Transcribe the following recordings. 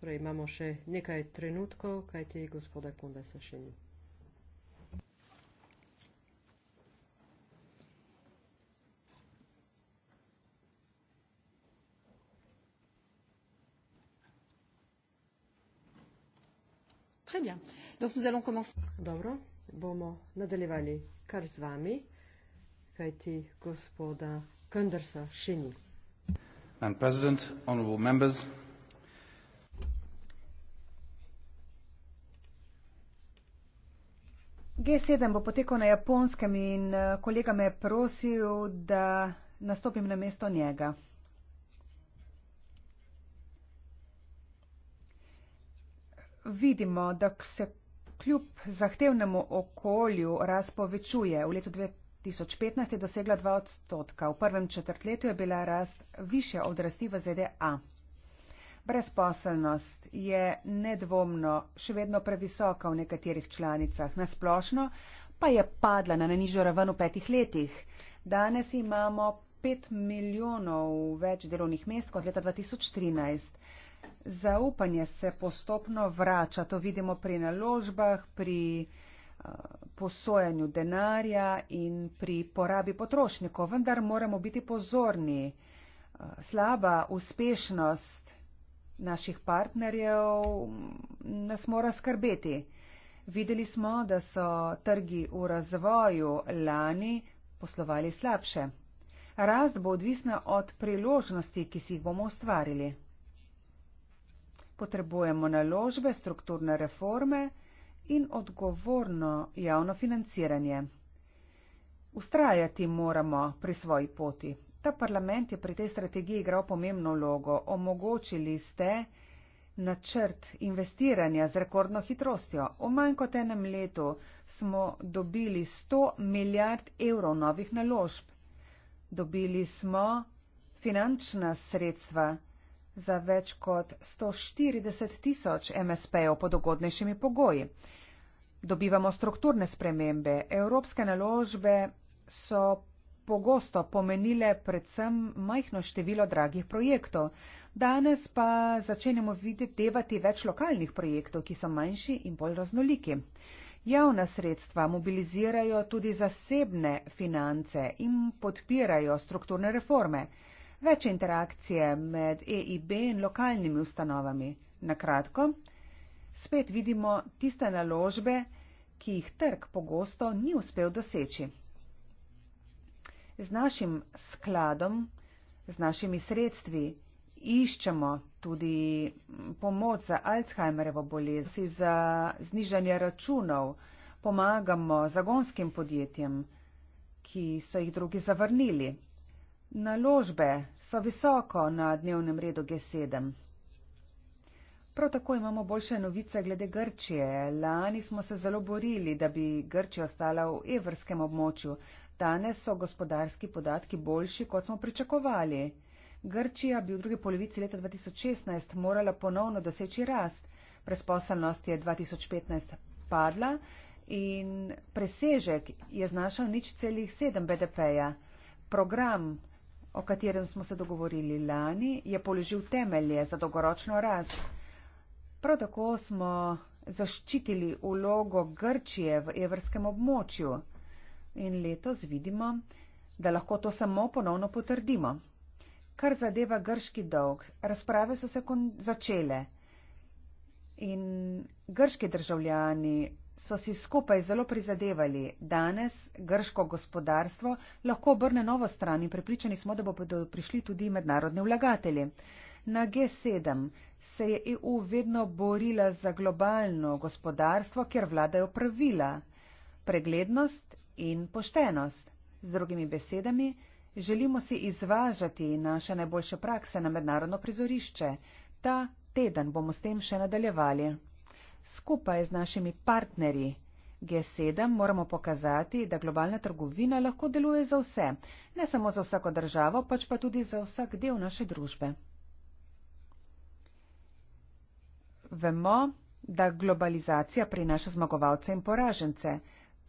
Torej imamo še nekaj trenutkov, kaj ti gospoda Kunda se še ni. Très bien. Donc nous allons commencer. Dobro, bomo nadaljevali kar z vami, kaj ti gospoda Kundersa še ni. Madam President, honorable members, G7 bo potekal na japonskem in eh, kolega me je prosil, da nastopim na mesto njega. Vidimo, da se kljub zahtevnemu okolju rast povečuje. V letu 2015 je dosegla 2 odstotka, v prvem četrtletju je bila rast višja od rasti v ZDA. Brezposelnost je nedvomno še vedno previsoka v nekaterih članicah, nasplošno pa je padla na najnižjo raven v petih letih. Danes imamo 5 milijonov več delovnih mest kot leta 2013. Zaupanje se postopno vrača, to vidimo pri naložbah, pri eh, posojanju denarja in pri porabi potrošnikov, vendar moramo biti pozorni. Eh, slaba uspešnost naših partnerjev nas mora skrbeti. Videli smo, da so trgi v razvoju lani poslovali slabše. Rast bo odvisna od priložnosti, ki si jih bomo ustvarili. Potrebujemo naložbe, strukturne reforme in odgovorno javno financiranje. Ustrajati moramo pri svoji poti. Ta parlament je pri tej strategiji igral pomembno vlogo. Omogočili ste načrt investiranja z rekordno hitrostjo. V manj kot enem letu smo dobili 100 milijard evrov novih naložb. Dobili smo finančna sredstva za več kot 140 tisoč MSP-jev pod ugodnejšimi pogoji. Dobivamo strukturne spremembe. Evropske naložbe so pogosto pomenile predvsem majhno število dragih projektov. Danes pa začenjamo videti več lokalnih projektov, ki so manjši in bolj raznoliki. Javna sredstva mobilizirajo tudi zasebne finance in podpirajo strukturne reforme. Več interakcije med EIB in lokalnimi ustanovami. Na kratko, spet vidimo tiste naložbe, ki jih trg pogosto ni uspel doseči z našim skladom, z našimi sredstvi iščemo tudi pomoč za Alzheimerjevo bolezen, za znižanje računov, pomagamo zagonskim podjetjem, ki so jih drugi zavrnili. Naložbe so visoko na dnevnem redu G7. Prav tako imamo boljše novice glede Grčije. Lani smo se zelo borili, da bi Grčija ostala v evrskem območju, Danes so gospodarski podatki boljši, kot smo pričakovali. Grčija bi v drugi polovici leta 2016 morala ponovno doseči rast. Presposelnost je 2015 padla in presežek je znašal nič celih 7 BDP-ja. Program, o katerem smo se dogovorili lani, je položil temelje za dolgoročno rast. Prav tako smo zaščitili ulogo Grčije v evrskem območju in letos vidimo, da lahko to samo ponovno potrdimo. Kar zadeva grški dolg, razprave so se začele in grški državljani so si skupaj zelo prizadevali. Danes grško gospodarstvo lahko obrne novo stran in pripričani smo, da bodo prišli tudi mednarodni vlagatelji. Na G7 se je EU vedno borila za globalno gospodarstvo, kjer vladajo pravila. Preglednost in poštenost. Z drugimi besedami, želimo si izvažati naše najboljše prakse na mednarodno prizorišče. Ta teden bomo s tem še nadaljevali. Skupaj z našimi partnerji G7 moramo pokazati, da globalna trgovina lahko deluje za vse, ne samo za vsako državo, pač pa tudi za vsak del naše družbe. Vemo, da globalizacija prinaša zmagovalce in poražence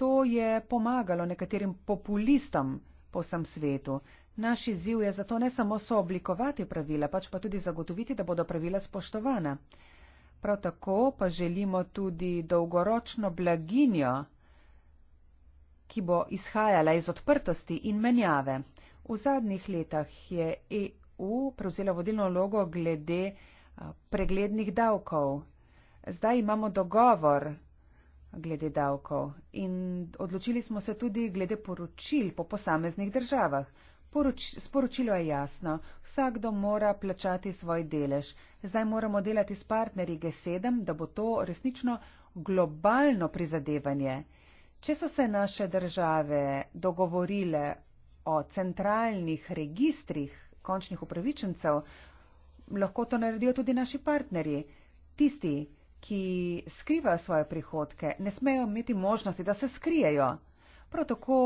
to je pomagalo nekaterim populistom po vsem svetu. Naš izziv je zato ne samo sooblikovati pravila, pač pa tudi zagotoviti, da bodo pravila spoštovana. Prav tako pa želimo tudi dolgoročno blaginjo, ki bo izhajala iz odprtosti in menjave. V zadnjih letah je EU prevzela vodilno logo glede preglednih davkov. Zdaj imamo dogovor, glede davkov in odločili smo se tudi glede poročil po posameznih državah. Poroč, sporočilo je jasno, vsakdo mora plačati svoj delež. Zdaj moramo delati s partnerji G7, da bo to resnično globalno prizadevanje. Če so se naše države dogovorile o centralnih registrih končnih upravičencev, lahko to naredijo tudi naši partnerji. Tisti, ki skrivajo svoje prihodke, ne smejo imeti možnosti, da se skrijejo. Prav tako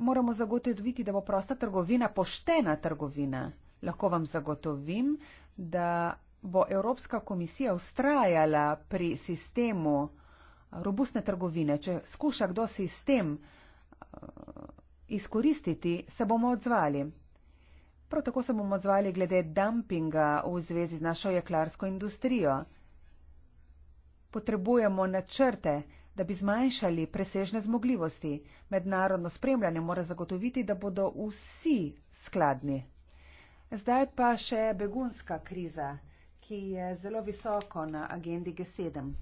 moramo zagotoviti, da bo prosta trgovina poštena trgovina. Lahko vam zagotovim, da bo Evropska komisija ustrajala pri sistemu eh, robustne trgovine. Če skuša kdo sistem eh, izkoristiti, se bomo odzvali. Prav tako se bomo odzvali glede dumpinga v zvezi z našo jeklarsko industrijo. Potrebujemo načrte, da bi zmanjšali presežne zmogljivosti. Mednarodno spremljanje mora zagotoviti, da bodo vsi skladni. Zdaj pa še begunska kriza, ki je zelo visoko na agendi G7.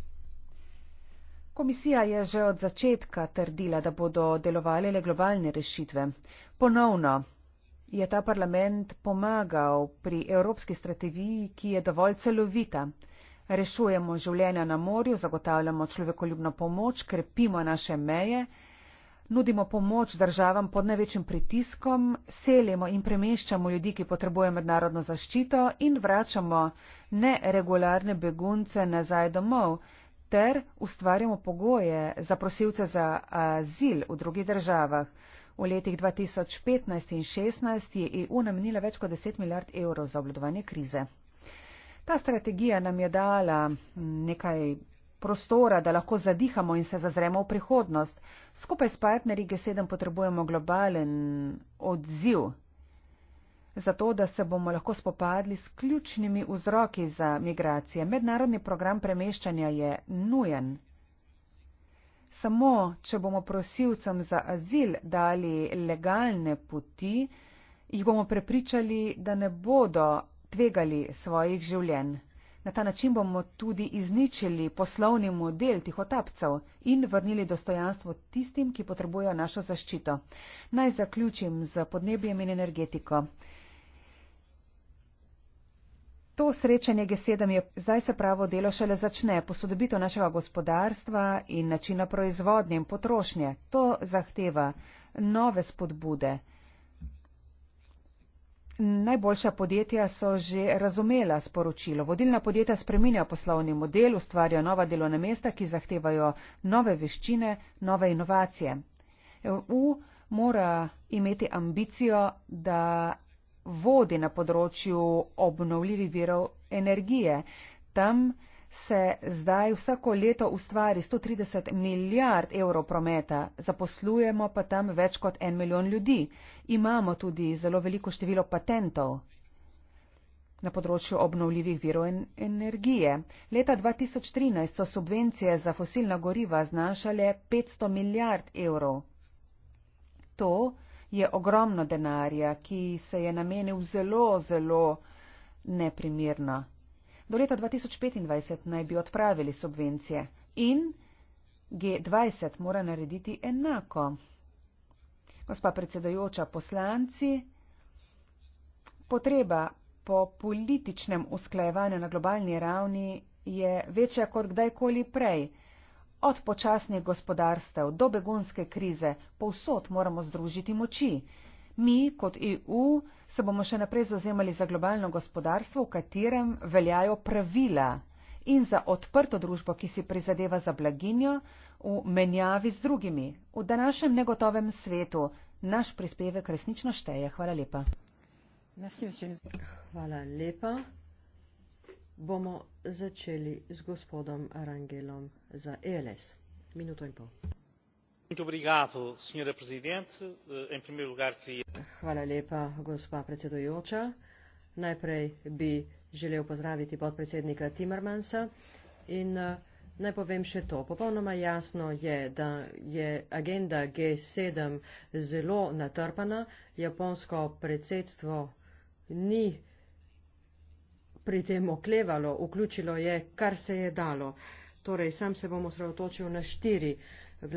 Komisija je že od začetka trdila, da bodo delovali le globalne rešitve. Ponovno je ta parlament pomagal pri evropski strategiji, ki je dovolj celovita. Rešujemo življenja na morju, zagotavljamo človekoljubno pomoč, krepimo naše meje, nudimo pomoč državam pod največjim pritiskom, selimo in premeščamo ljudi, ki potrebujejo mednarodno zaščito in vračamo neregularne begunce nazaj domov ter ustvarjamo pogoje za prosilce za azil v drugih državah. V letih 2015 in 2016 je EU namenila več kot 10 milijard evrov za obvladovanje krize. Ta strategija nam je dala mm, nekaj prostora, da lahko zadihamo in se zazremo v prihodnost. Skupaj s partnerji G7 potrebujemo globalen odziv, zato da se bomo lahko spopadli s ključnimi vzroki za migracije. Mednarodni program premeščanja je nujen. Samo, če bomo prosilcem za azil dali legalne poti, jih bomo prepričali, da ne bodo tvegali svojih življenj. Na ta način bomo tudi izničili poslovni model tihotapcev in vrnili dostojanstvo tistim, ki potrebujejo našo zaščito. Naj zaključim z podnebjem in energetiko. To srečanje G7 je zdaj se pravo delo šele začne, posodobito našega gospodarstva in načina proizvodnje in potrošnje. To zahteva nove spodbude. Najboljša podjetja so že razumela sporočilo. Vodilna podjetja spreminjajo poslovni model, ustvarjajo nova delovna mesta, ki zahtevajo nove veščine, nove inovacije. EU mora imeti ambicijo, da vodi na področju obnovljivih virov energije. Tam se zdaj vsako leto ustvari 130 milijard evrov prometa, zaposlujemo pa tam več kot en milijon ljudi. Imamo tudi zelo veliko število patentov na področju obnovljivih virov energije. Leta 2013 so subvencije za fosilna goriva znašale 500 milijard evrov. To je ogromno denarja, ki se je namenil zelo, zelo neprimerno. Do leta 2025 naj bi odpravili subvencije in G20 mora narediti enako. Gospa predsedojoča, poslanci, potreba po političnem usklajevanju na globalni ravni je večja kot kdajkoli prej od počasnih gospodarstev do begunske krize, povsod moramo združiti moči. Mi kot EU se bomo še naprej zauzemali za globalno gospodarstvo, v katerem veljajo pravila in za odprto družbo, ki si prizadeva za blaginjo v menjavi z drugimi. V današnjem negotovem svetu naš prispevek resnično šteje. Hvala lepa. Merci, Hvala lepa bomo začeli z gospodom Arangelom za ELS. Minuto in pol. Eh, Hvala lepa, gospa predsedujoča. Najprej bi želel pozdraviti podpredsednika Timmermansa in eh, naj povem še to. Popolnoma jasno je, da je agenda G7 zelo natrpana. Japonsko predsedstvo ni pri tem oklevalo, vključilo je, kar se je dalo. Torej, sam se bom osredotočil na štiri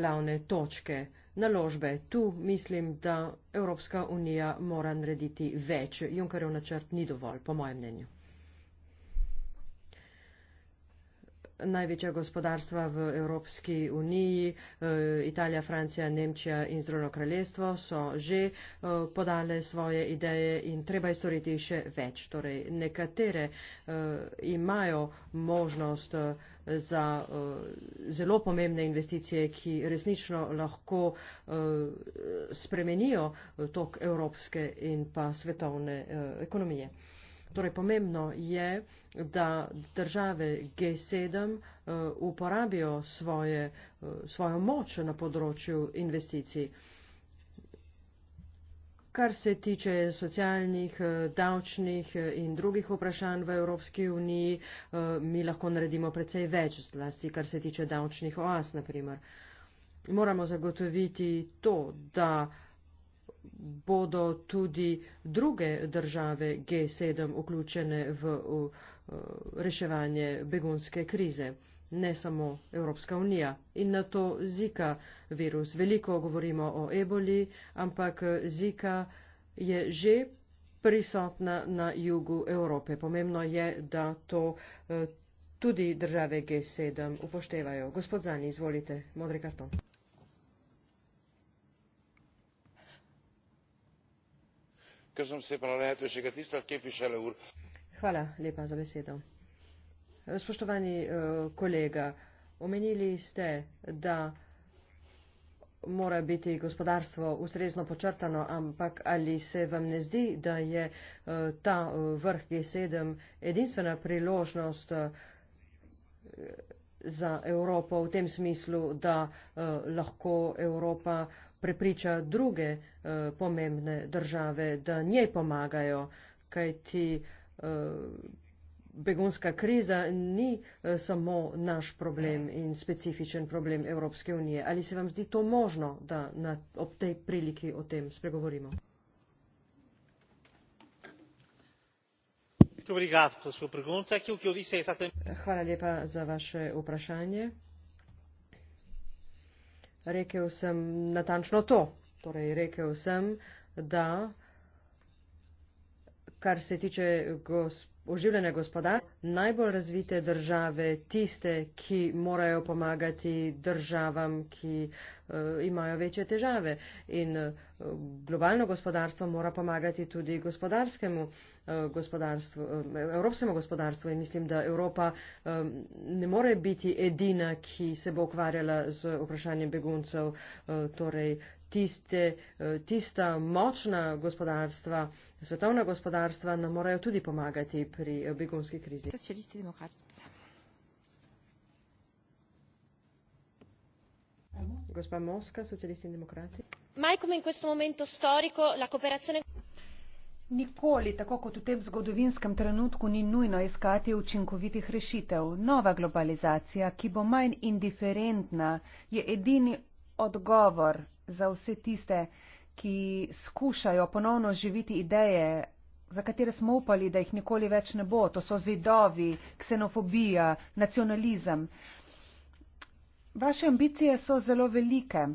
glavne točke naložbe. Tu mislim, da Evropska unija mora narediti več. Junkarjev načrt ni dovolj, po mojem mnenju. največja gospodarstva v Evropski uniji, eh, Italija, Francija, Nemčija in Združeno kraljestvo so že eh, podale svoje ideje in treba je storiti še več. Torej, nekatere eh, imajo možnost za zelo pomembne investicije, ki resnično lahko spremenijo tok evropske in pa svetovne ekonomije. Torej, pomembno je, da države G7 eh, uporabijo svoje, eh, svojo moč na področju investicij. Kar se tiče socialnih, eh, davčnih in drugih vprašanj v Evropski uniji, mi lahko naredimo precej več zlasti, kar se tiče davčnih oas, naprimer. Moramo zagotoviti to, da uh, bodo tudi druge države G7 vključene v, v, v eh, reševanje begonske krize, ne samo Evropska unija. In na to zika virus. Veliko govorimo o eboli, ampak zika je že prisotna na jugu Evrope. Pomembno je, da to eh, tudi države G7 upoštevajo. Gospod Zani, izvolite, modri karton. hvala lepa za besedo spoštovani eh, kolega omenili ste da mora biti gospodarstvo ustrezno počrtano ampak ali se vam ne zdi da je eh, ta eh, vrh g sedem edinstvena priložnost za Evropo v tem smislu, da eh, lahko Evropa prepriča druge eh, pomembne države, da njej pomagajo, kajti eh, begunska kriza ni eh, samo naš problem in specifičen problem Evropske unije. Ali se vam zdi to možno, da na, ob tej priliki o tem spregovorimo? Hvala lepa za vaše vprašanje. Rekel sem natančno to. Torej, rekel sem, da kar se tiče gospodine oživljene gospoda, najbolj razvite države, tiste, ki morajo pomagati državam, ki uh, imajo večje težave. In uh, globalno gospodarstvo mora pomagati tudi gospodarskemu uh, gospodarstvu, uh, evropskemu gospodarstvu. In mislim, da Evropa uh, ne more biti edina, ki se bo ukvarjala z vprašanjem beguncev, uh, torej tiste, eh, tista močna gospodarstva, svetovna gospodarstva nam morajo tudi pomagati pri eh, begunski krizi. Gospa Moska, socialisti in demokrati. Majkom in questo momento storico la cooperazione. Nikoli, tako kot v tem zgodovinskem trenutku, ni nujno iskati učinkovitih rešitev. Nova globalizacija, ki bo manj indiferentna, je edini odgovor za vse tiste, ki skušajo ponovno živiti ideje, za katere smo upali, da jih nikoli več ne bo. To so zidovi, ksenofobija, nacionalizem. Vaše ambicije so zelo velike,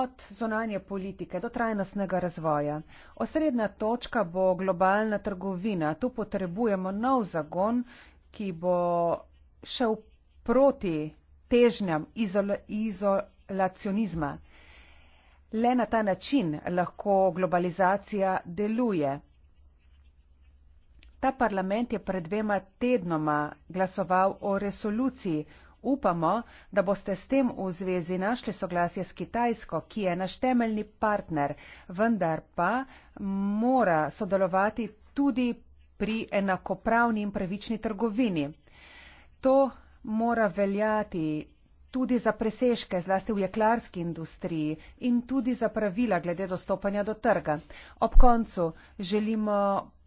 od zonanje politike do trajnostnega razvoja. Osrednja točka bo globalna trgovina. Tu potrebujemo nov zagon, ki bo šel proti težnjam izol izolacionizma. Le na ta način lahko globalizacija deluje. Ta parlament je pred dvema tednoma glasoval o resoluciji. Upamo, da boste s tem v zvezi našli soglasje s Kitajsko, ki je naš temeljni partner, vendar pa mora sodelovati tudi pri enakopravni in pravični trgovini. To mora veljati tudi za presežke, zlasti v jeklarski industriji in tudi za pravila glede dostopanja do trga. Ob koncu želimo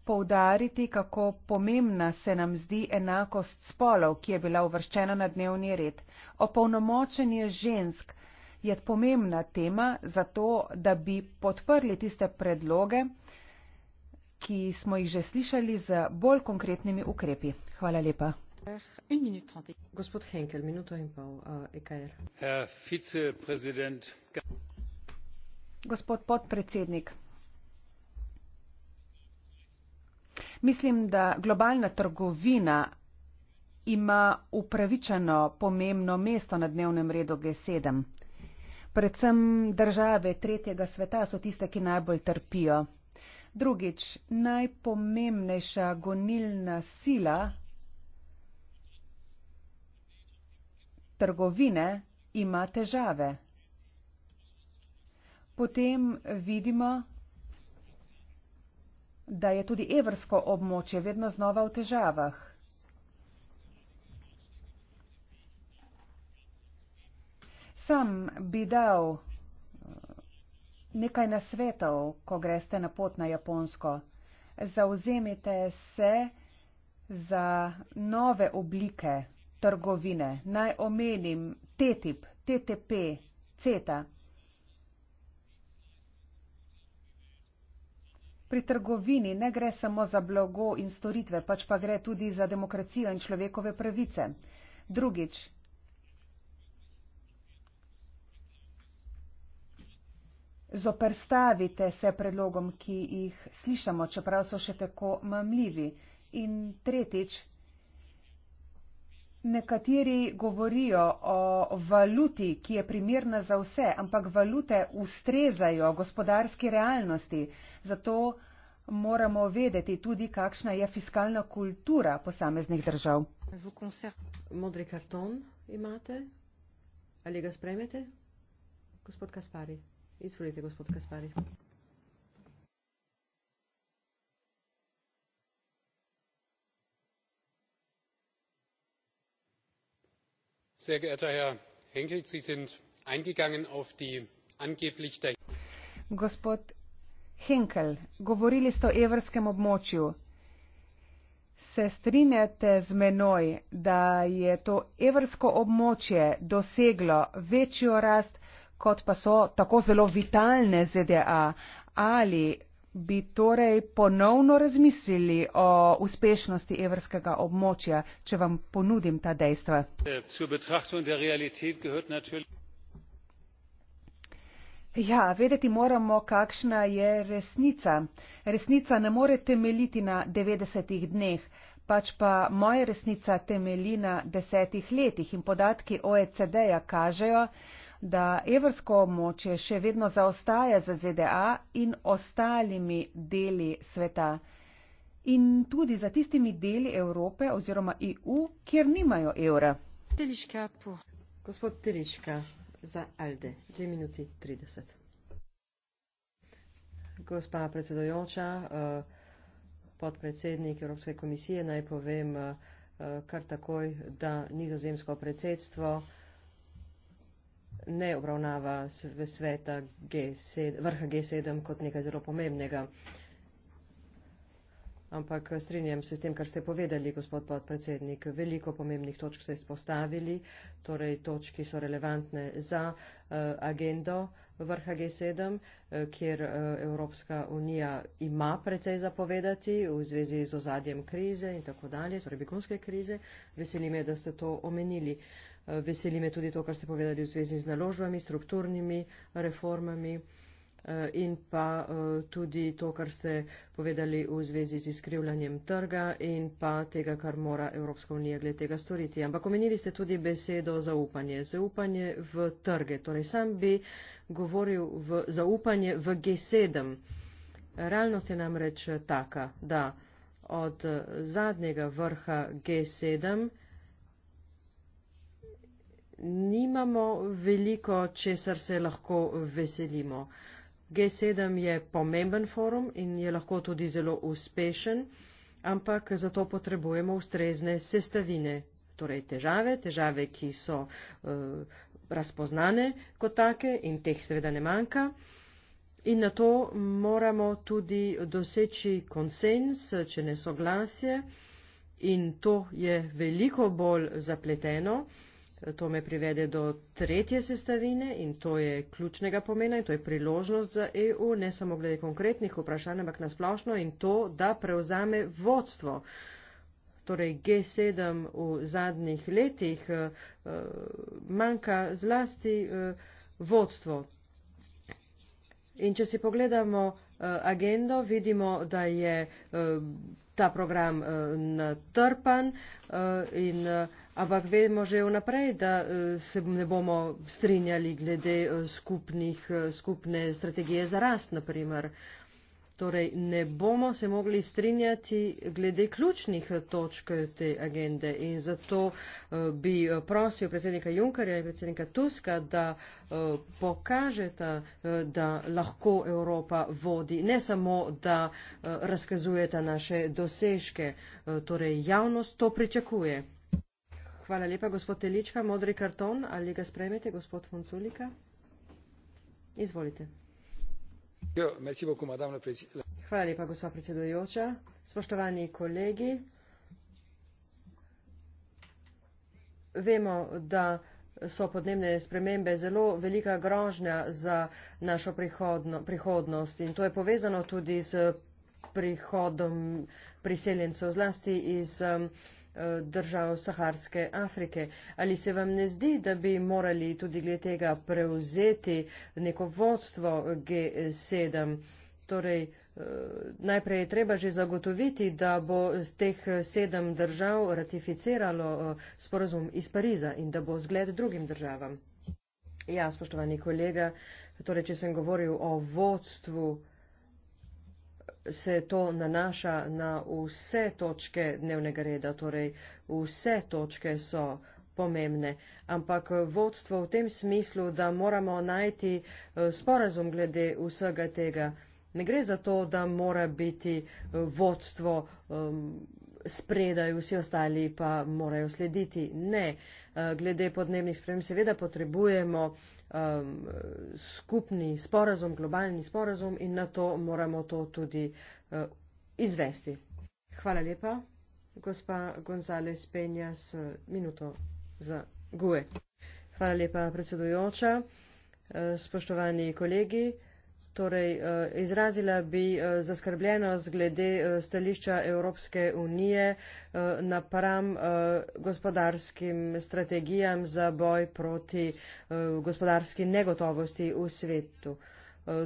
poudariti, kako pomembna se nam zdi enakost spolov, ki je bila uvrščena na dnevni red. Opolnomočenje žensk je pomembna tema za to, da bi podprli tiste predloge, ki smo jih že slišali z bolj konkretnimi ukrepi. Hvala lepa. Uh, e mislim da globalna trgovina ima upravičeno pomembno mesto na dnevnem redu G7. Predvsem države tretjega sveta so tiste, ki najbolj trpijo. Drugič, najpomembnejša gonilna sila trgovine ima težave. Potem vidimo, da je tudi evrsko območje vedno znova v težavah. Sam bi dal eh, nekaj nasvetov, ko greste na pot na Japonsko. Zauzemite se za nove oblike trgovine. Naj omenim TTIP, TTP, CETA. Pri trgovini ne gre samo za blago in storitve, pač pa gre tudi za demokracijo in človekove pravice. Drugič, zoprstavite se predlogom, ki jih slišamo, čeprav so še tako mamljivi. In tretjič, Nekateri govorijo o valuti, ki je primirna za vse, ampak valute ustrezajo gospodarski realnosti. Zato moramo vedeti tudi, kakšna je fiskalna kultura posameznih držav. Modri karton imate? Ali ga spremete? Gospod Kaspari. Izvolite, gospod Kaspari. sehr geehrter herr henkel sie sind eingegangen auf die angeblich gospod henkel govorili ste o evrskem območju se strinjate z menoj da je to evrsko območje doseglo večjo rast kot pa so tako zelo vitalne zda ali bi torej ponovno razmislili o uspešnosti evrskega območja, če vam ponudim ta dejstva. Äh, ja, vedeti moramo, kakšna je resnica. Resnica ne more temeljiti na 90 dneh, pač pa moja resnica temelji na 10 letih in podatki OECD-ja kažejo, da evrsko območje še vedno zaostaja za ZDA in ostalimi deli sveta in tudi za tistimi deli Evrope oziroma EU, kjer nimajo evra. Gospod Teliška za Alde, 2 minuti 30. Gospa predsedojoča, eh, podpredsednik Evropske komisije, naj povem eh, kar takoj, da nizozemsko predsedstvo ne obravnava sveta G7, vrha G7 kot nekaj zelo pomembnega. Ampak eh, strinjam se s tem, kar ste povedali, gospod podpredsednik. Veliko pomembnih točk ste izpostavili, torej točki so relevantne za uh, agendo vrha G7, eh, kjer uh, Evropska unija ima precej zapovedati v zvezi z ozadjem krize in tako dalje, torej begunske krize. Veseli me, da ste to omenili. Uh, Veseli me tudi to, kar ste povedali v zvezi z naložbami, strukturnimi reformami eh, in pa eh, tudi to, kar ste povedali v zvezi z izkrivljanjem trga in pa tega, kar mora Evropska unija glede tega storiti. Ampak omenili ste tudi besedo zaupanje. Zaupanje v trge. Torej, sam bi govoril v zaupanje v G7. Realnost je namreč taka, da od zadnjega vrha G7 nimamo veliko, česar se lahko veselimo. G7 je pomemben forum in je lahko tudi zelo uspešen, ampak zato potrebujemo ustrezne sestavine, torej težave, težave, ki so uh, razpoznane kot take in teh seveda ne manjka. In na to moramo tudi doseči konsens, če ne soglasje. In to je veliko bolj zapleteno. Uh, To me privede do tretje sestavine in to je ključnega pomena in to je priložnost za EU, ne samo glede konkretnih vprašanj, ampak nasplošno in to, da prevzame vodstvo. Torej G7 v zadnjih letih eh, manjka zlasti eh, vodstvo. In če si pogledamo eh, agendo, vidimo, da je ta program natrpan in Ampak vemo že vnaprej, da eh, se ne bomo strinjali glede eh, skupnih, eh, skupne strategije za rast, naprimer. Torej, ne bomo se mogli strinjati glede ključnih točk te agende in zato bi prosil predsednika Junkerja in predsednika Tuska, da pokažete, da lahko Evropa vodi, ne samo, da razkazujete naše dosežke, torej javnost to pričakuje. Hvala lepa, gospod Telička. Modri karton, ali ga sprejmete, gospod Funculika? Izvolite. Hvala lepa, gospod predsedujoča. Spoštovani kolegi, vemo, da so podnebne spremembe zelo velika grožnja za našo prihodno, prihodnost in to je povezano tudi z prihodom priseljencev, zlasti iz um, držav Saharske Afrike. Ali se vam ne zdi, da bi morali tudi glede tega prevzeti neko vodstvo G7? Torej, eh, najprej je treba že zagotoviti, da bo teh sedem držav ratificiralo eh, sporozum iz Pariza in da bo zgled drugim državam. Ja, spoštovani kolega, torej, če sem govoril o vodstvu, se to nanaša na vse točke dnevnega reda, torej vse točke so pomembne. Ampak vodstvo v tem smislu, da moramo najti eh, sporazum glede vsega tega, ne gre za to, da mora biti eh, vodstvo spredaj, vsi ostali pa morajo slediti. Ne, eh, glede podnebnih sprememb seveda potrebujemo um, skupni sporazum, globalni sporazum in na to moramo to tudi uh, izvesti. Hvala lepa, gospa González Penja, s minuto za GUE. Hvala lepa, predsedujoča, uh, spoštovani kolegi. Torej, eh, izrazila bi eh, zaskrbljenost glede eh, stališča Evropske unije napram gospodarskim strategijam za boj proti gospodarski negotovosti v svetu.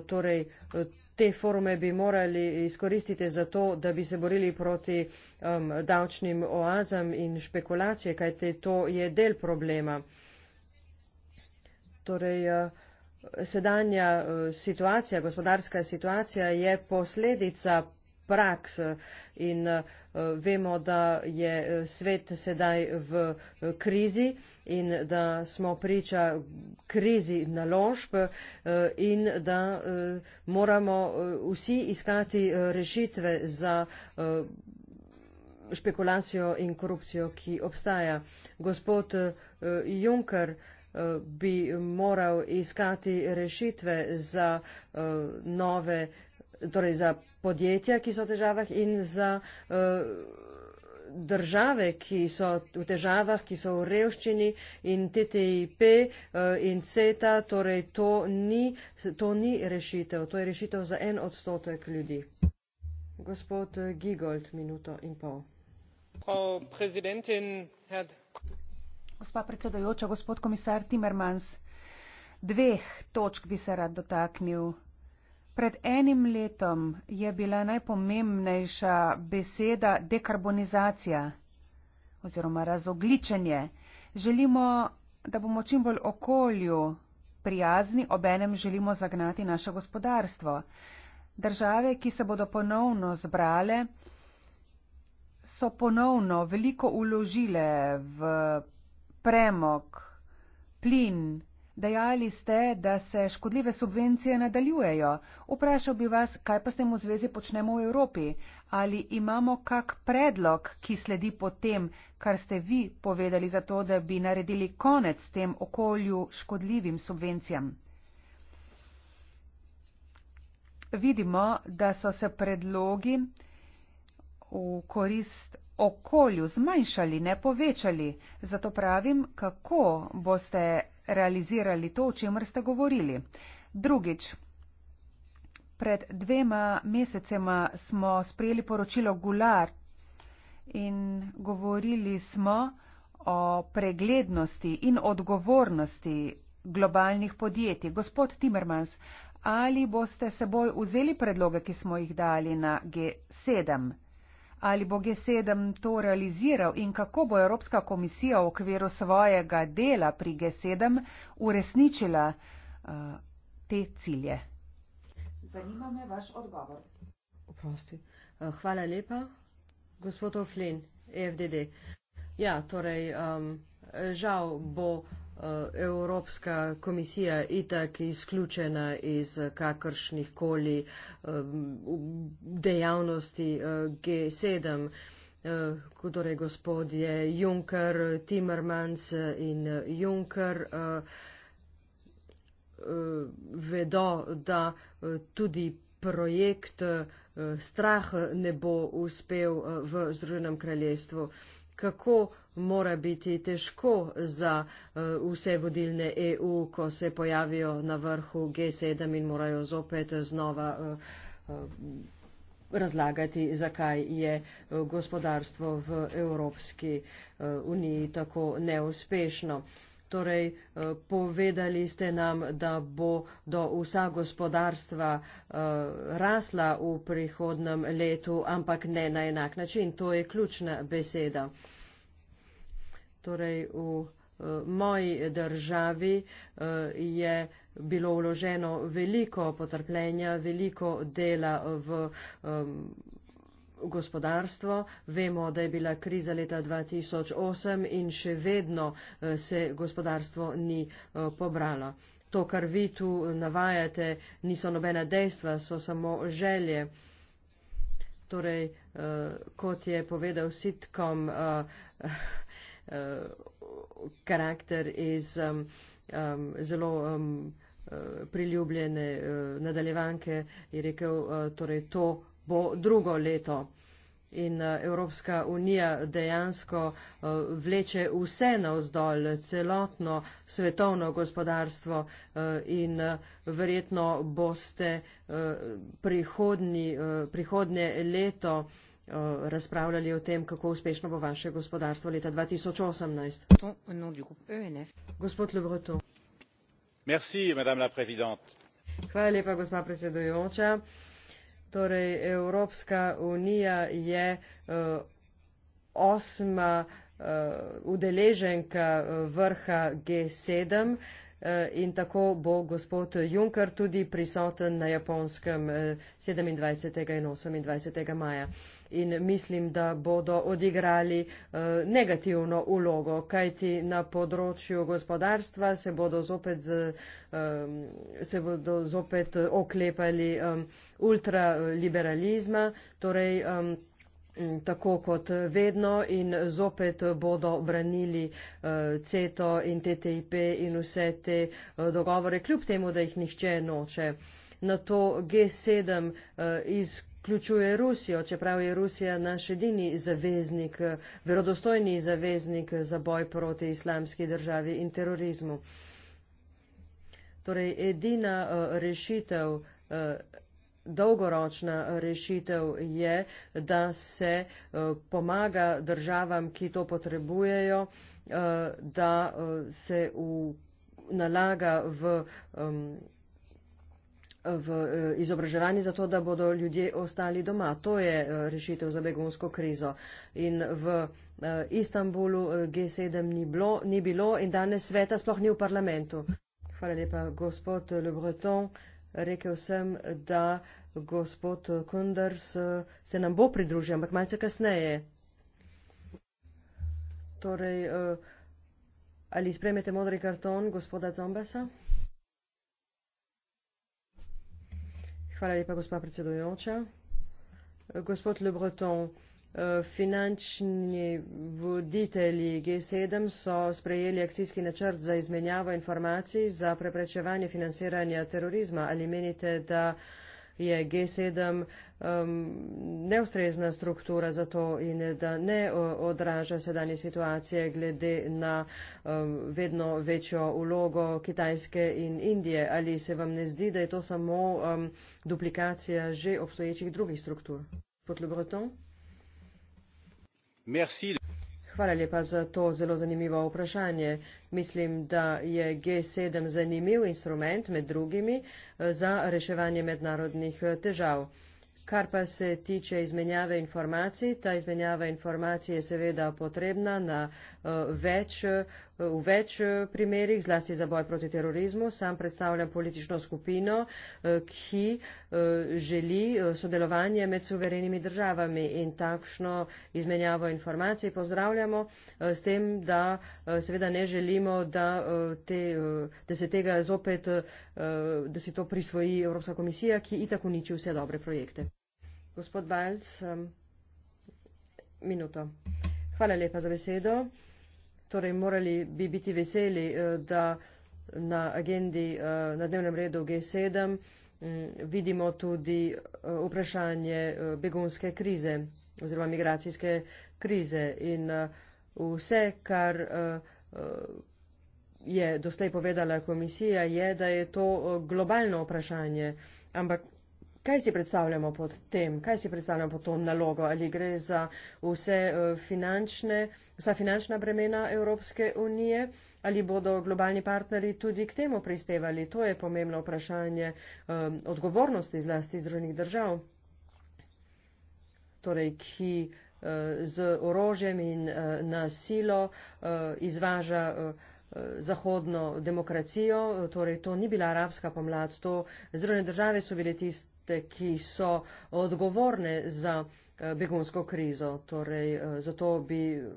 Torej, te forume bi morali izkoristiti za to, da bi se borili proti um, davčnim oazam in špekulacije, kajte to je del problema. Torej, uh, sedanja eh, situacija, gospodarska situacija je posledica praks eh, in eh, vemo, da je svet sedaj v krizi in da smo priča krizi naložb in da moramo vsi iskati rešitve za špekulacijo in korupcijo, ki obstaja. Gospod Juncker, Eh, bi moral iskati rešitve za eh, nove, torej za podjetja, ki so v težavah in za eh, države, ki so v težavah, ki so v revščini in TTIP in CETA, torej to ni, to ni rešitev, to je rešitev za en odstotek ljudi. Gospod Gigold, minuto in pol. Gospa predsedajoča, gospod komisar Timmermans, dveh točk bi se rad dotaknil. Pred enim letom je bila najpomembnejša beseda dekarbonizacija oziroma razogličenje. Želimo, da bomo čim bolj okolju prijazni, obenem želimo zagnati naše gospodarstvo. Države, ki se bodo ponovno zbrale, so ponovno veliko uložile v premog, plin. Dejali ste, da se škodljive subvencije nadaljujejo. Vprašal bi vas, kaj pa s tem v zvezi počnemo v Evropi? Ali imamo kak predlog, ki sledi po tem, kar ste vi povedali za to, da bi naredili konec tem okolju škodljivim subvencijam? Vidimo, da so se predlogi v korist okolju zmanjšali, ne povečali. Zato pravim, kako boste realizirali to, o čemer ste govorili. Drugič, pred dvema mesecema smo sprejeli poročilo Gular in govorili smo o preglednosti in odgovornosti globalnih podjetij. Gospod Timmermans, ali boste seboj vzeli predloge, ki smo jih dali na G7? Ali bo G7 to realiziral in kako bo Evropska komisija v okviru svojega dela pri G7 uresničila uh, te cilje? Zanima me vaš odgovor. Uprosti. Eh, hvala lepa, gospod Oflin, e FDD. Ja, torej, um, žal bo. Eh, Evropska komisija itak izključena iz kakršnih koli eh, dejavnosti eh, G7. Kudore gospodje Juncker, Timmermans in Juncker vedo, da tudi projekt strah ne bo uspel v Združenem kraljestvu. Kako mora biti težko za eh, vse vodilne EU, ko se pojavijo na vrhu G7 in morajo zopet znova eh, eh, razlagati, zakaj je gospodarstvo v Evropski uniji tako neuspešno. Torej, povedali ste nam, da bo do vsa gospodarstva rasla v prihodnem letu, ampak ne na enak način. To je ključna beseda torej v eh, moji državi eh, je bilo vloženo veliko potrpljenja, veliko dela v gospodarstvo. Vemo, da je bila kriza leta 2008 in še vedno eh, se gospodarstvo ni pobralo. To, kar vi tu navajate, niso nobena dejstva, so samo želje. Torej, kot je povedal sitkom, Eh, karakter iz um, um, zelo um, priljubljene uh, nadaljevanke, je rekel, uh, torej to bo drugo leto. In Evropska unija dejansko vleče vse navzdolj, celotno svetovno gospodarstvo in verjetno boste prihodnje leto Eh, razpravljali o tem, kako uspešno bo vaše gospodarstvo leta 2018. E Hvala lepa, gospa predsedujoča. Torej, Evropska unija je uh, osma uh, udeleženka vrha G7 in tako bo gospod Juncker tudi prisoten na japonskem 27. in 28. maja in mislim, da bodo odigrali eh, negativno ulogo, kajti na področju gospodarstva se bodo zopet, se bodo zopet eh, oklepali ultraliberalizma, torej tako kot vedno in zopet bodo branili eh, CETO in TTIP in vse te dogovore, kljub temu, da jih nihče noče. Na to G7 iz vključuje Rusijo, čeprav je Rusija naš edini zaveznik, verodostojni zaveznik za boj proti islamski državi in terorizmu. Torej, edina eh, rešitev, eh, dolgoročna eh, rešitev je, da se pomaga državam, ki to potrebujejo, da se v, nalaga v. Um, v eh, izobraževanje, zato da bodo ljudje ostali doma. To je eh, rešitev za begunsko krizo. In v eh, Istanbulu G7 ni bilo, ni bilo in danes sveta sploh ni v parlamentu. Hvala lepa, gospod Le Breton. Rekel sem, da gospod Kunders se nam bo pridružil, ampak malce kasneje. Torej, ali sprejmete modri karton gospoda Zombasa? Hvala lepa, gospa predsedujoča. Gospod Le Breton, eh, finančni voditelji G7 so sprejeli akcijski načrt za izmenjavo informacij za preprečevanje financiranja terorizma. Ali menite, da je G7 um, neustrezna struktura za to in da ne odraža sedanje situacije glede na um, vedno večjo ulogo Kitajske in Indije. Ali se vam ne zdi, da je to samo um, duplikacija že obstoječih drugih struktur? Pod Le Breton? Merci. De... Hvala lepa za to zelo zanimivo vprašanje. Mislim, da je G7 zanimiv instrument med drugimi eh, za reševanje mednarodnih eh, težav. Kar pa se tiče izmenjave informacij, ta izmenjava informacij je seveda potrebna na eh, več v več eh, primerih, zlasti za boj proti terorizmu. Sam predstavljam politično skupino, eh, ki eh, želi sodelovanje med suverenimi državami in takšno izmenjavo informacij pozdravljamo s tem, da seveda ne želimo, da, te, da se tega zopet, da si to prisvoji Evropska komisija, ki itak uniči vse dobre projekte. Gospod Balc, minuto. Hvala lepa za besedo. Torej, morali bi biti veseli, eh, da na agendi eh, na dnevnem redu G7 mm, vidimo tudi eh, vprašanje begunske krize oziroma migracijske krize in vse, kar je doslej povedala komisija, je, da je to globalno vprašanje, ampak Kaj si predstavljamo pod tem, kaj si predstavljamo pod to nalogo? Ali gre za vse eh, finančne, vsa finančna bremena Evropske unije, ali bodo globalni partnerji tudi k temu prispevali? To je pomembno vprašanje um, odgovornosti zlasti združenih držav, torej, ki uh, z orožjem in uh, nasilo uh, izvaža. Uh, zahodno demokracijo, torej to ni bila arabska pomlad, to Združene države so bile tiste, te, ki so odgovorne za eh, begunsko krizo. Torej, eh, zato bi mm,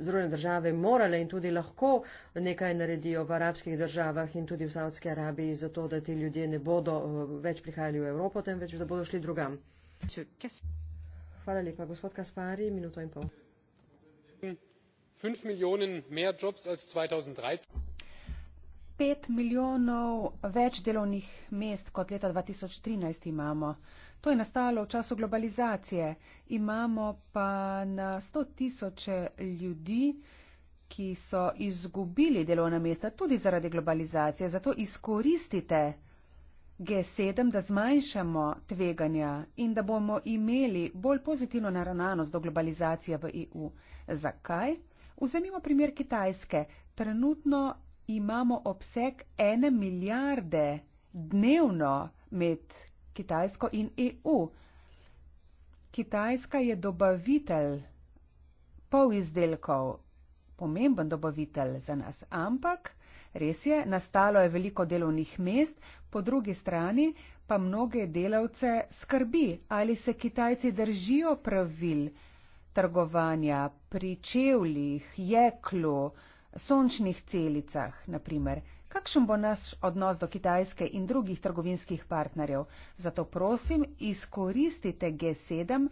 združene države morale in tudi lahko nekaj naredijo v arabskih državah in tudi v Saudski Arabiji, zato da ti ljudje ne bodo eh, več prihajali v Evropo, temveč da bodo šli drugam. Hvala lepa. Gospod Kaspari, minuto in pol. 5 milijonov več jobs kot 2013 pet milijonov več delovnih mest kot leta 2013 imamo. To je nastalo v času globalizacije. Imamo pa na sto tisoče ljudi, ki so izgubili delovna mesta tudi zaradi globalizacije. Zato izkoristite G7, da zmanjšamo tveganja in da bomo imeli bolj pozitivno naravnanost do globalizacije v EU. Zakaj? Vzemimo primer Kitajske. Trenutno imamo obseg ene milijarde dnevno med Kitajsko in EU. Kitajska je dobavitelj polizdelkov, pomemben dobavitelj za nas, ampak res je, nastalo je veliko delovnih mest, po drugi strani pa mnoge delavce skrbi, ali se Kitajci držijo pravil trgovanja pri čevljih, jeklu, sončnih celicah, naprimer, kakšen bo naš odnos do Kitajske in drugih trgovinskih partnerjev. Zato prosim, izkoristite G7,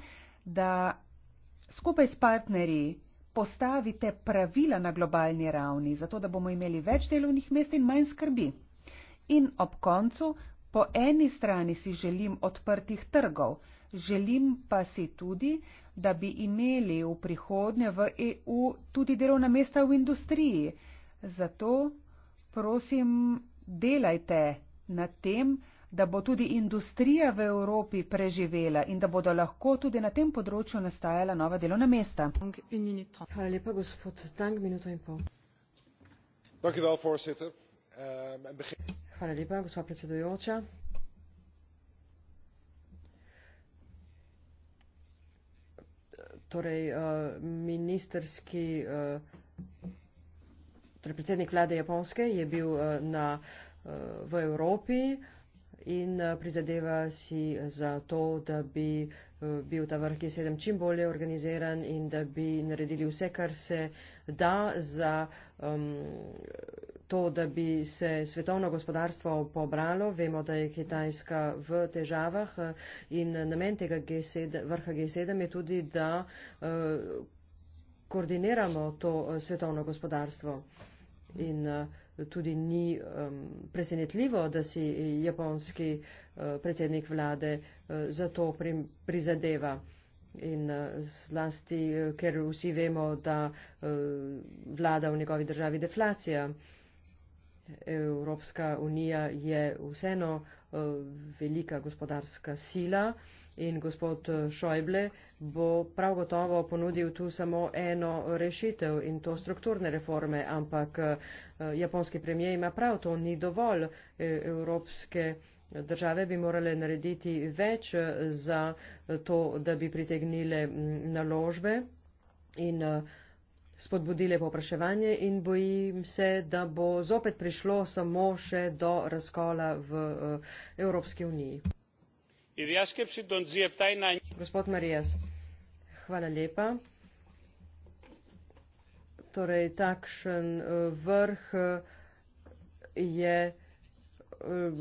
da skupaj s partnerji postavite pravila na globalni ravni, zato da bomo imeli več delovnih mest in manj skrbi. In ob koncu, po eni strani si želim odprtih trgov, želim pa si tudi, da bi imeli v prihodnje v EU tudi delovna mesta v industriji. Zato, prosim, delajte na tem, da bo tudi industrija v Evropi preživela in da bodo lahko tudi na tem področju nastajala nova delovna mesta. Hvala lepa, gospod Tang, minuto in pol. Ehm, Hvala lepa, gospod predsedujoča. torej eh, ministerski, eh, torej predsednik vlade Japonske je bil eh, na, v Evropi in prizadeva si za to, da bi bil ta vrh G7 čim bolje organiziran in da bi naredili vse, kar se da za um, to, da bi se svetovno gospodarstvo pobralo. Vemo, da je Kitajska v težavah eh, in namen tega G7, vrha G7 je tudi, da eh, koordiniramo to eh, svetovno gospodarstvo. In tudi ni presenetljivo, da si japonski predsednik vlade za to prizadeva. In zlasti, ker vsi vemo, da vlada v njegovi državi deflacija. Evropska unija je vseeno eh, velika gospodarska sila in gospod Šojble eh, bo prav gotovo ponudil tu samo eno rešitev in to strukturne reforme, ampak eh, japonski premijer ima prav, to ni dovolj. Evropske države bi morale narediti več za to, da bi pritegnile mm, naložbe in spodbudile popraševanje in bojim se, da bo zopet prišlo samo še do razkola v eh, Evropski uniji. Gospod Marijas, hvala lepa. Torej, takšen eh, vrh eh, je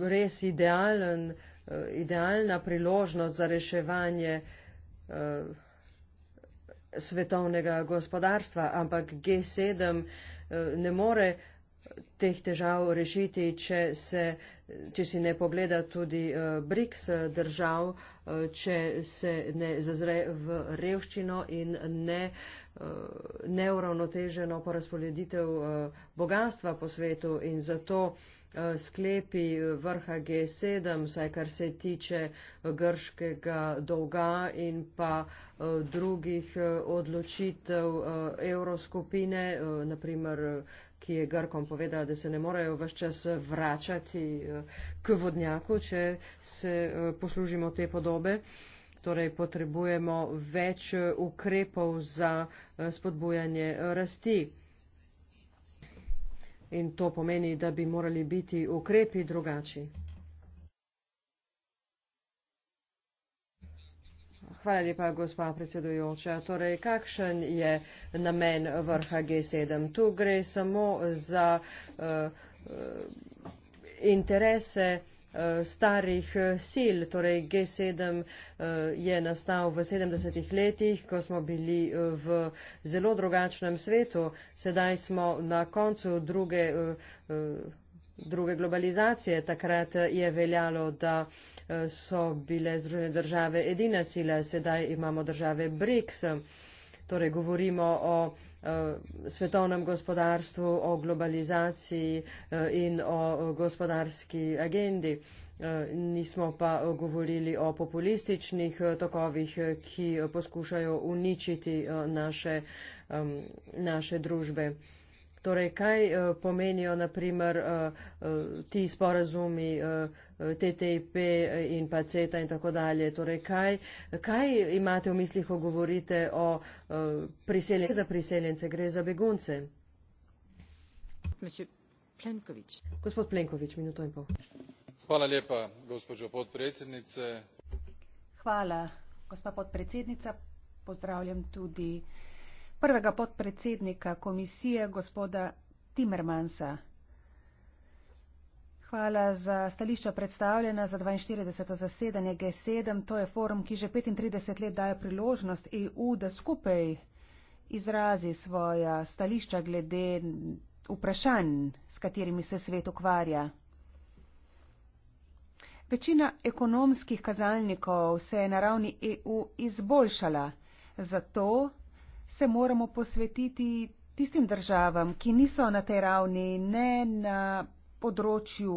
res idealen, idealna priložnost za reševanje svetovnega gospodarstva, ampak G7 eh, ne more teh težav rešiti, če, se, če si ne pogleda tudi eh, BRICS držav, eh, če se ne zazre v revščino in ne neuravnoteženo porazporeditev bogatstva po svetu in zato Eh, sklepi eh, vrha G7, vsaj kar se tiče eh, grškega dolga in pa drugih odločitev evroskupine, naprimer, ki je Grkom povedala, da se ne morejo vse čas vračati k vodnjaku, če se poslužimo te podobe. Torej potrebujemo več ukrepov za spodbujanje rasti. In to pomeni, da bi morali biti ukrepi drugači. Hvala lepa, gospa predsedujoča. Torej, kakšen je namen vrha G7? Tu gre samo za uh, interese uh, Eh, starih eh, sil. Torej G7 eh, je nastal v 70-ih letih, ko smo bili v zelo drugačnem svetu. Sedaj smo na koncu druge, druge globalizacije. Takrat je veljalo, da so bile Združene države edine sile. Sedaj imamo države BRICS. Torej govorimo o Eh, svetovnem gospodarstvu, o globalizaciji eh, in o gospodarski agendi. Eh, nismo pa govorili o populističnih tokovih, ki poskušajo uničiti naše, naše družbe. Torej, kaj uh, pomenijo naprimer uh, eh, uh, eh, ti sporazumi uh, TTIP in pa CETA in tako dalje? Torej, kaj, kaj imate v mislih, ko govorite o uh, priseljencih? Gre za priseljence, gre za begunce. Plenković. Gospod Plenković, minuto in pol. Hvala lepa, gospođo podpredsednice. Hvala, gospa podpredsednica. Pozdravljam tudi prvega podpredsednika komisije, gospoda Timmermansa. Hvala za stališča predstavljena za 42. zasedanje G7. To je forum, ki že 35 let daje priložnost EU, da skupaj izrazi svoja stališča glede vprašanj, s katerimi se svet ukvarja. Večina ekonomskih kazalnikov se je na ravni EU izboljšala, zato se moramo posvetiti tistim državam, ki niso na tej ravni, ne na področju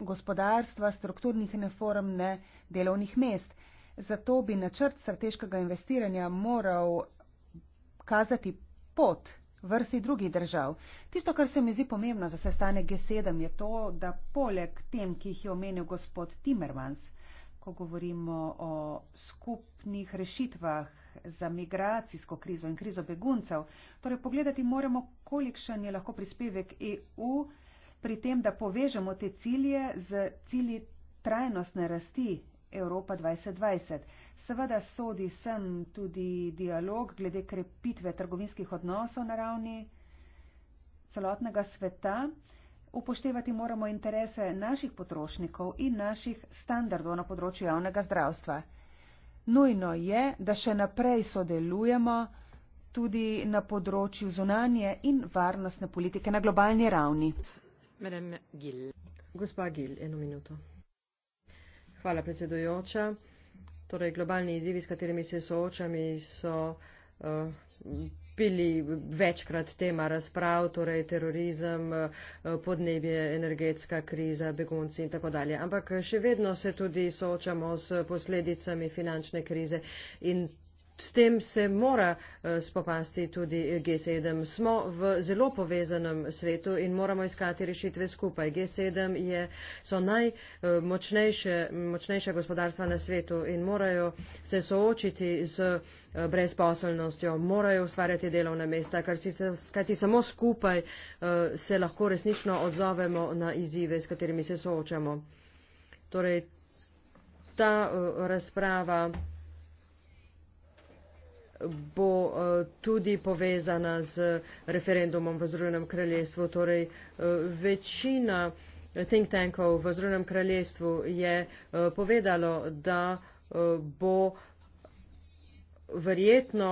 gospodarstva, strukturnih reform, ne delovnih mest. Zato bi načrt strateškega investiranja moral kazati pot vrsti drugih držav. Tisto, kar se mi zdi pomembno za sestanek G7, je to, da poleg tem, ki jih je omenil gospod Timmermans, ko govorimo o skupnih rešitvah za migracijsko krizo in krizo beguncev. Torej, pogledati moramo, kolikšen je lahko prispevek EU pri tem, da povežemo te cilje z cilji trajnostne rasti Evropa 2020. Seveda sodi sem tudi dialog glede krepitve trgovinskih odnosov na ravni celotnega sveta. Upoštevati moramo interese naših potrošnikov in naših standardov na področju javnega zdravstva. Nujno je, da še naprej sodelujemo tudi na področju zunanje in varnostne politike na globalni ravni. Gil. Gospa Gil, eno minuto. Hvala, predsedujoča. Torej, globalni izzivi, s katerimi se soočam, so uh, pili večkrat tema razprav, torej terorizem, eh, podnebje, energetska kriza, begunci in tako dalje. Ampak še vedno se tudi soočamo s posledicami finančne krize in S tem se mora eh, spopasti tudi G7. Smo v zelo povezanem svetu in moramo iskati rešitve skupaj. G7 je, so najmočnejša eh, gospodarstva na svetu in morajo se soočiti z eh, brezposelnostjo, morajo ustvarjati delovna mesta, kar si skati samo skupaj se lahko resnično odzovemo na izzive, s katerimi se soočamo. Torej, ta razprava bo eh, tudi povezana z referendumom v Združenem kraljestvu. Torej, eh, večina think tankov v Združenem kraljestvu je eh, povedalo, da bo verjetno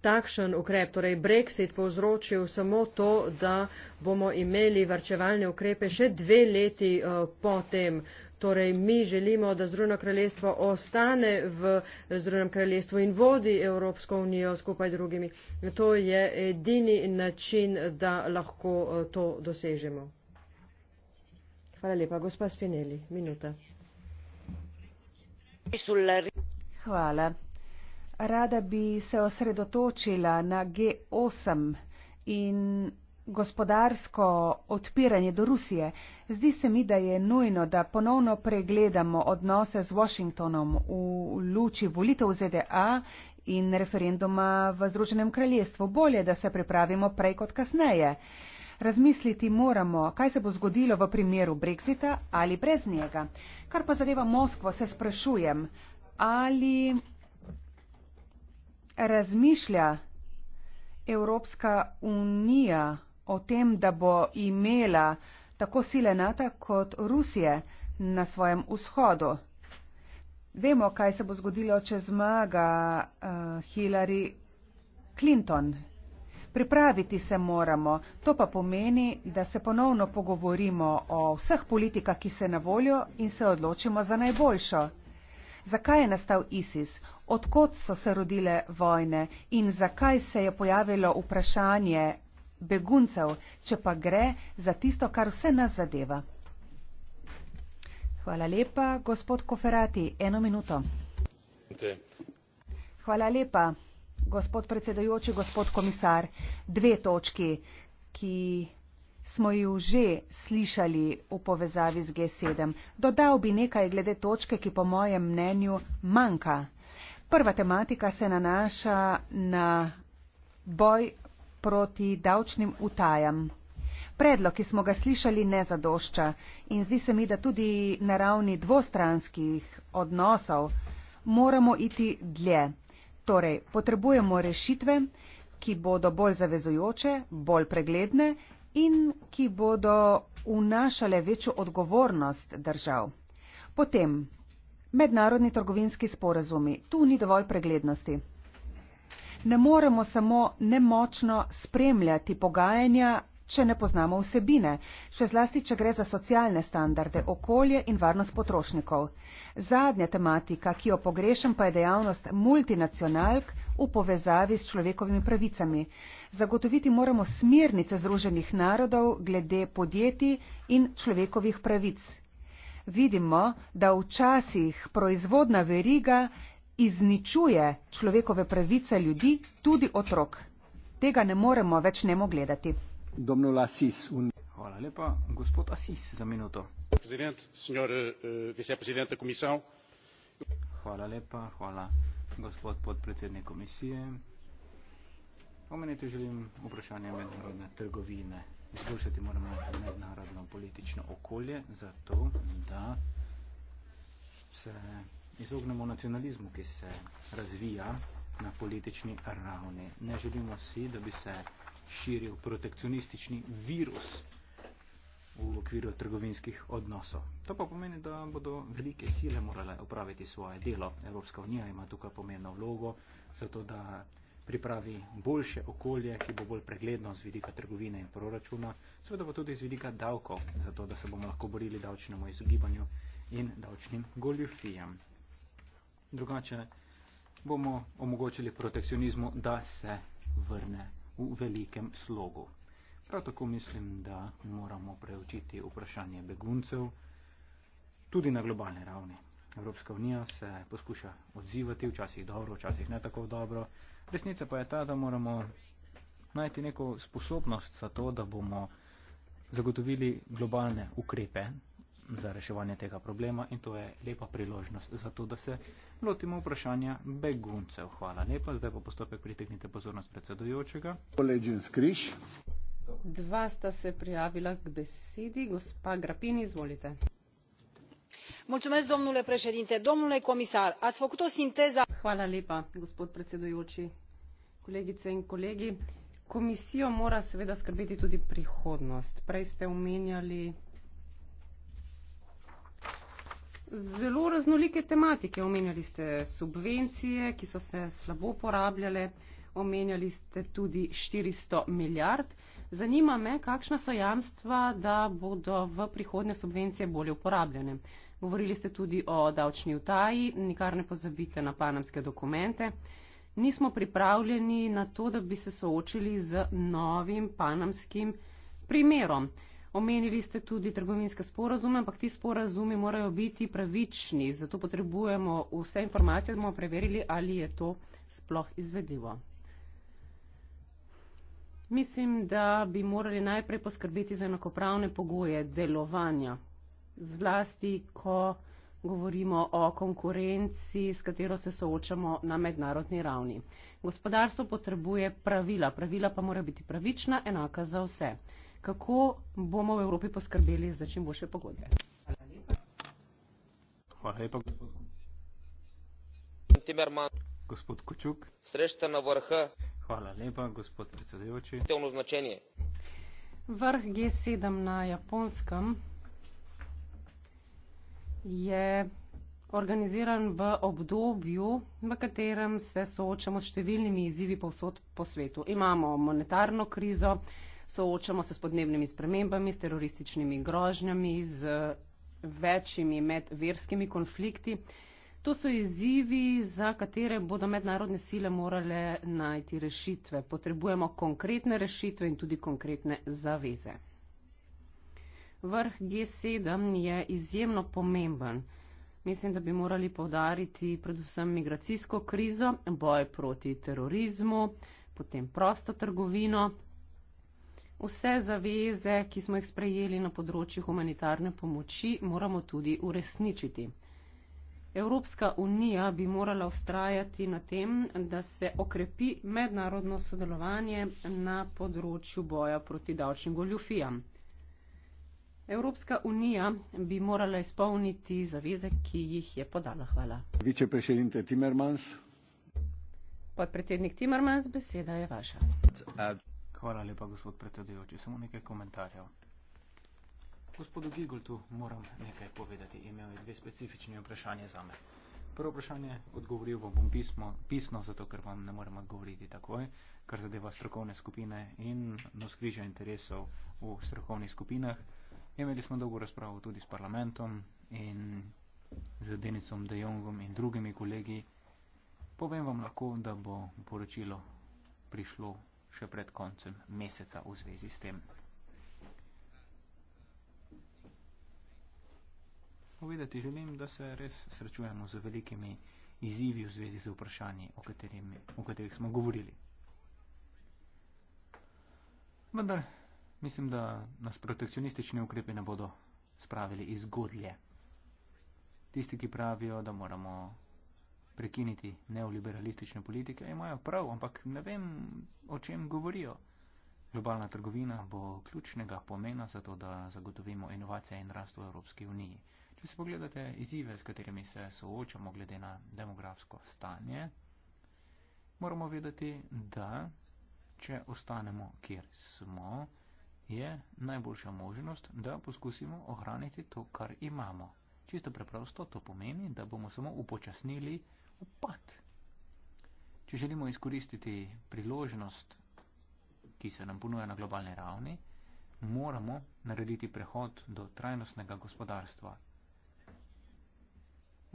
takšen ukrep, torej Brexit, povzročil samo to, da bomo imeli varčevalne ukrepe še dve leti uh, potem torej mi želimo, da Združeno kraljestvo ostane v Združenem kraljestvu in vodi Evropsko unijo skupaj z drugimi. To je edini način, da lahko eh, to dosežemo. Hvala lepa, gospa Spinelli. Minuta. Hvala. Rada bi se osredotočila na G8 in gospodarsko odpiranje do Rusije. Zdi se mi, da je nujno, da ponovno pregledamo odnose z Washingtonom v luči volitev v ZDA in referenduma v Združenem kraljestvu. Bolje, da se pripravimo prej kot kasneje. Razmisliti moramo, kaj se bo zgodilo v primeru Brexita ali brez njega. Kar pa zadeva Moskvo, se sprašujem, ali razmišlja Evropska unija o tem, da bo imela tako sile NATO kot Rusije na svojem vzhodu. Vemo, kaj se bo zgodilo, če zmaga uh, Hillary Clinton. Pripraviti se moramo. To pa pomeni, da se ponovno pogovorimo o vseh politikah, ki se na voljo in se odločimo za najboljšo. Zakaj je nastal ISIS? Odkot so se rodile vojne? In zakaj se je pojavilo vprašanje beguncev, če pa gre za tisto, kar vse nas zadeva. Hvala lepa, gospod Koferati. Eno minuto. Hvala lepa, gospod predsedojoči, gospod komisar. Dve točki, ki smo ju že slišali v povezavi z G7. Dodal bi nekaj glede točke, ki po mojem mnenju manjka. Prva tematika se nanaša na boj proti davčnim utajam. Predlog, ki smo ga slišali, ne zadošča in zdi se mi, da tudi na ravni dvostranskih odnosov moramo iti dlje. Torej, potrebujemo rešitve, ki bodo bolj zavezujoče, bolj pregledne in ki bodo vnašale večjo odgovornost držav. Potem, mednarodni trgovinski sporazumi. Tu ni dovolj preglednosti ne moremo samo nemočno spremljati pogajanja, če ne poznamo vsebine, še zlasti, če gre za socialne standarde, okolje in varnost potrošnikov. Zadnja tematika, ki jo pogrešam, pa je dejavnost multinacionalk v povezavi s človekovimi pravicami. Zagotoviti moramo smernice Združenih narodov glede podjetij in človekovih pravic. Vidimo, da včasih proizvodna veriga izničuje človekove pravice ljudi, tudi otrok. Tega ne moremo več nemo gledati. Hvala lepa, gospod Asis, za minuto. Eh, hvala lepa, hvala, gospod podpredsednik komisije. Omeniti želim vprašanje mednarodne trgovine. Izboljšati moramo mednarodno politično okolje, zato da se izognemo nacionalizmu, ki se razvija na politični ravni. Ne želimo si, da bi se širil protekcionistični virus v okviru trgovinskih odnosov. To pa pomeni, da bodo velike sile morale opraviti svoje delo. Evropska unija ima tukaj pomembno vlogo, zato da pripravi boljše okolje, ki bo bolj pregledno z vidika trgovine in proračuna, seveda pa tudi z vidika davkov, zato da se bomo lahko borili davčnemu izogibanju in davčnim goljufijam drugače bomo omogočili protekcionizmu, da se vrne v velikem slogu. Prav tako mislim, da moramo preučiti vprašanje beguncev tudi na globalni ravni. Evropska unija se poskuša odzivati, včasih dobro, včasih ne tako dobro. Resnica pa je ta, da moramo najti neko sposobnost za to, da bomo zagotovili globalne ukrepe, za reševanje tega problema in to je lepa priložnost za to, da se lotimo vprašanja beguncev. Hvala lepa, zdaj pa postopek pritegnite pozornost predsedujočega. Kolegin Skriš. Dva sta se prijavila k besedi, gospa Grapin, izvolite. Mulțumesc, domnule președinte. Domnule comisar, ați făcut o sinteză. Hvala lepa, gospod predsedujoči. Kolegice in kolegi, komisijo mora seveda skrbeti tudi prihodnost. Prej ste omenjali zelo raznolike tematike. Omenjali ste subvencije, ki so se slabo porabljale, omenjali ste tudi 400 milijard. Zanima me, kakšna so jamstva, da bodo v prihodne subvencije bolje uporabljene. Govorili ste tudi o davčni utaji, nikar ne pozabite na panamske dokumente. Nismo pripravljeni na to, da bi se soočili z novim panamskim primerom. Omenili ste tudi trgovinske sporazume, ampak ti sporazumi morajo biti pravični, zato potrebujemo vse informacije, da bomo preverili, ali je to sploh izvedljivo. Mislim, da bi morali najprej poskrbeti za enakopravne pogoje delovanja, zlasti, ko govorimo o konkurenci, s katero se soočamo na mednarodni ravni. Gospodarstvo potrebuje pravila, pravila pa morajo biti pravična, enaka za vse kako bomo v Evropi poskrbeli za čim boljše pogodbe. Hvala lepa. Hvala lepa. Timerman. Gospod Kučuk. Srečte na vrh. Hvala lepa, gospod predsedujoči. Temno značenje. Vrh G7 na japonskem je organiziran v obdobju, v katerem se soočamo s številnimi izzivi povsod po svetu. Imamo monetarno krizo, soočamo se s podnebnimi spremembami, s terorističnimi grožnjami, z večjimi medverskimi konflikti. To so izzivi, za katere bodo mednarodne sile morale najti rešitve. Potrebujemo konkretne rešitve in tudi konkretne zaveze. Vrh G7 je izjemno pomemben. Mislim, da bi morali povdariti predvsem migracijsko krizo, boj proti terorizmu, potem prosto trgovino, vse zaveze, ki smo jih sprejeli na področju humanitarne pomoči, moramo tudi uresničiti. Evropska unija bi morala ustrajati na tem, da se okrepi mednarodno sodelovanje na področju boja proti davčnim goljufijam. Evropska unija bi morala izpolniti zaveze, ki jih je podala. Hvala. Vicepresidente Timmermans. Podpredsednik Timmermans, beseda je vaša. Uh. Hvala lepa, gospod predsedujoči. Samo nekaj komentarjev. Gospodu Gigultu moram nekaj povedati. Imel je dve specifični vprašanje za me. Prvo vprašanje odgovoril vam bom pismo, pisno, zato ker vam ne morem odgovoriti takoj, kar zadeva strokovne skupine in noskrižja interesov v strokovnih skupinah. Imeli smo dolgo razpravo tudi s parlamentom in z Denicom De Jongom in drugimi kolegi. Povem vam lahko, da bo poročilo prišlo še pred koncem meseca v zvezi s tem. Povedati želim, da se res srečujemo z velikimi izzivi v zvezi z vprašanji, o, katerimi, o katerih smo govorili. Vendar mislim, da nas protekcionistični ukrepi ne bodo spravili izgodlje. Tisti, ki pravijo, da moramo prekiniti neoliberalistične politike, imajo prav, ampak ne vem, o čem govorijo. Globalna trgovina bo ključnega pomena za to, da zagotovimo inovacije in rast v Evropski uniji. Če se pogledate izzive, s katerimi se soočamo glede na demografsko stanje, moramo vedeti, da če ostanemo, kjer smo, je najboljša možnost, da poskusimo ohraniti to, kar imamo. Čisto preprosto to pomeni, da bomo samo upočasnili upad. Če želimo izkoristiti priložnost, ki se nam ponuja na globalni ravni, moramo narediti prehod do trajnostnega gospodarstva.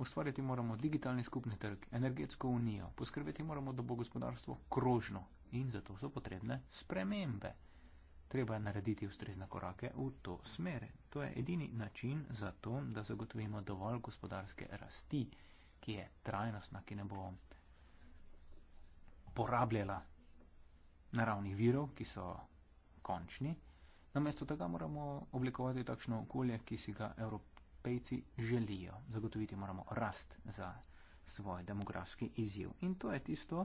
Ustvariti moramo digitalni skupni trg, energetsko unijo, poskrbeti moramo, da bo gospodarstvo krožno in zato so potrebne spremembe. Treba je narediti ustrezne korake v to smer. To je edini način za to, da zagotovimo dovolj gospodarske rasti ki je trajnostna, ki ne bo porabljala naravnih virov, ki so končni. Namesto tega moramo oblikovati takšno okolje, ki si ga evropejci želijo. Zagotoviti moramo rast za svoj demografski izjiv. In to je tisto,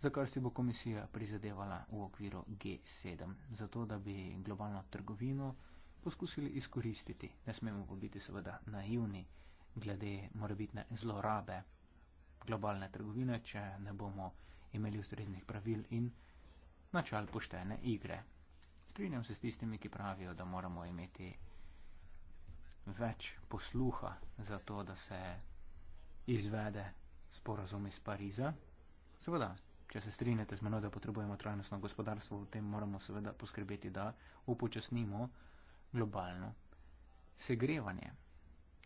za kar si bo komisija prizadevala v okviru G7, zato da bi globalno trgovino poskusili izkoristiti. Ne smemo biti seveda naivni glede morebitne zlorabe globalne trgovine, če ne bomo imeli ustreznih pravil in načal poštene igre. Strinjam se s tistimi, ki pravijo, da moramo imeti več posluha za to, da se izvede sporazum iz Pariza. Seveda, če se strinjate z mano, da potrebujemo trajnostno gospodarstvo, v tem moramo seveda poskrbeti, da upočasnimo globalno segrevanje.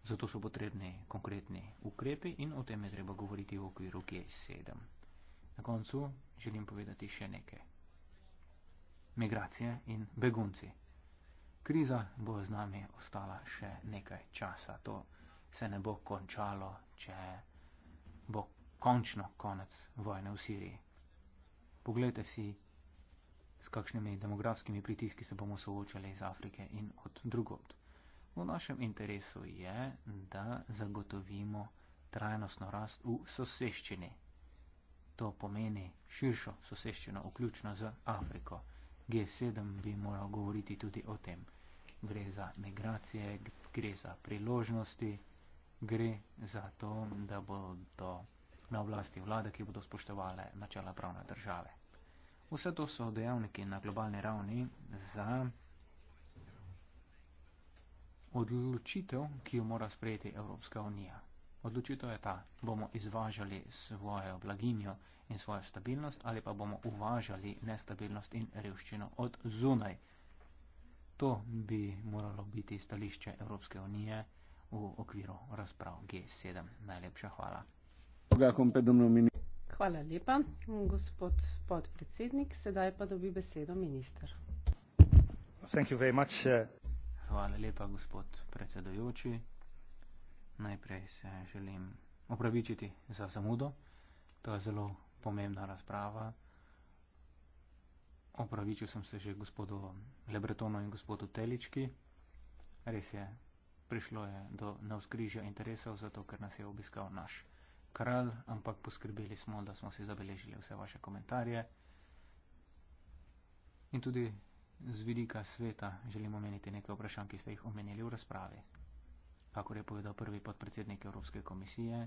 Zato so potrebni konkretni ukrepi in o tem je treba govoriti v okviru G7. Na koncu želim povedati še nekaj. Migracije in begunci. Kriza bo z nami ostala še nekaj časa. To se ne bo končalo, če bo končno konec vojne v Siriji. Poglejte si, s kakšnimi demografskimi pritiski se bomo soočali iz Afrike in od drugod. V našem interesu je, da zagotovimo trajnostno rast v soseščini. To pomeni širšo soseščino, vključno z Afriko. G7 bi moral govoriti tudi o tem. Gre za migracije, gre za priložnosti, gre za to, da bodo na oblasti vlade, ki bodo spoštovale načela pravne države. Vse to so dejavniki na globalni ravni za odločitev, ki jo mora sprejeti Evropska unija. Odločitev je ta, bomo izvažali svojo blaginjo in svojo stabilnost ali pa bomo uvažali nestabilnost in revščino od zunaj. To bi moralo biti stališče Evropske unije v okviru razprav G7. Najlepša hvala. Hvala lepa, gospod podpredsednik. Sedaj pa dobi besedo minister. Thank you very much. Uh... Hvala lepa, gospod predsedojoči. Najprej se želim opravičiti za zamudo. To je zelo pomembna razprava. Opravičil sem se že gospodu Lebretonu in gospodu Telički. Res je, prišlo je do navzgrižja interesov, zato ker nas je obiskal naš kralj, ampak poskrbeli smo, da smo si zabeležili vse vaše komentarje. In tudi z vidika sveta želim omeniti nekaj vprašanj, ki ste jih omenili v razpravi. Kakor je povedal prvi podpredsednik Evropske komisije,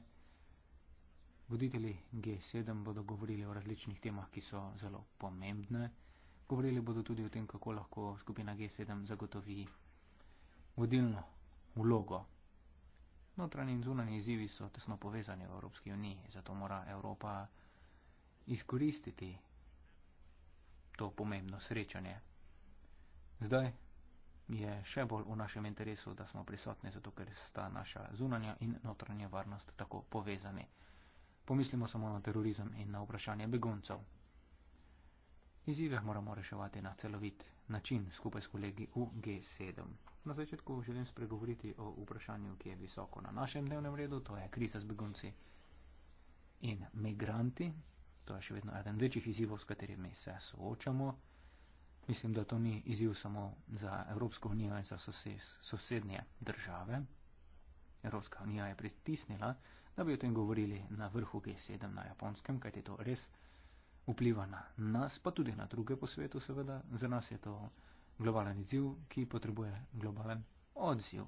voditelji G7 bodo govorili o različnih temah, ki so zelo pomembne. Govorili bodo tudi o tem, kako lahko skupina G7 zagotovi vodilno vlogo. Notranji in zunanji izzivi so tesno povezani v Evropski uniji, zato mora Evropa izkoristiti to pomembno srečanje. Zdaj je še bolj v našem interesu, da smo prisotni, zato ker sta naša zunanja in notranja varnost tako povezani. Pomislimo samo na terorizem in na vprašanje beguncev. Izive moramo reševati na celovit način skupaj s kolegi v G7. Na začetku želim spregovoriti o vprašanju, ki je visoko na našem dnevnem redu, to je kriza z begunci in migranti. To je še vedno eden večjih izzivov, s katerimi se soočamo. Mislim, da to ni izziv samo za Evropsko unijo in za sosednje države. Evropska unija je pristisnila, da bi o tem govorili na vrhu G7 na japonskem, kajti to res vpliva na nas, pa tudi na druge po svetu, seveda. Za nas je to globalen izziv, ki potrebuje globalen odziv.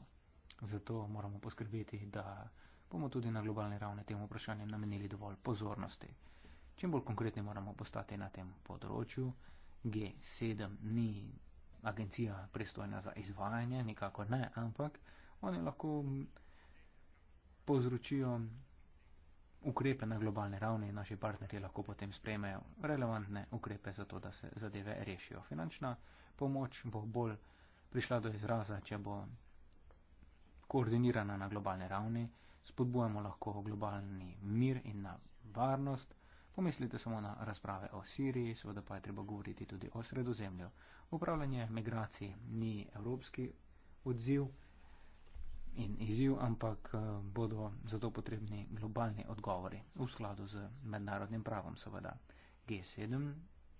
Zato moramo poskrbeti, da bomo tudi na globalni ravni temu vprašanju namenili dovolj pozornosti. Čim bolj konkretni moramo postati na tem področju. G7 ni agencija pristojna za izvajanje, nikako ne, ampak oni lahko povzročijo ukrepe na globalni ravni in naši partnerji lahko potem sprejmejo relevantne ukrepe za to, da se zadeve rešijo. Finančna pomoč bo bolj prišla do izraza, če bo koordinirana na globalni ravni, spodbujamo lahko globalni mir in na varnost. Pomislite samo na razprave o Siriji, seveda pa je treba govoriti tudi o sredozemlju. Upravljanje migracij ni evropski odziv in izziv, ampak eh, bodo zato potrebni globalni odgovori v skladu z mednarodnim pravom, seveda. G7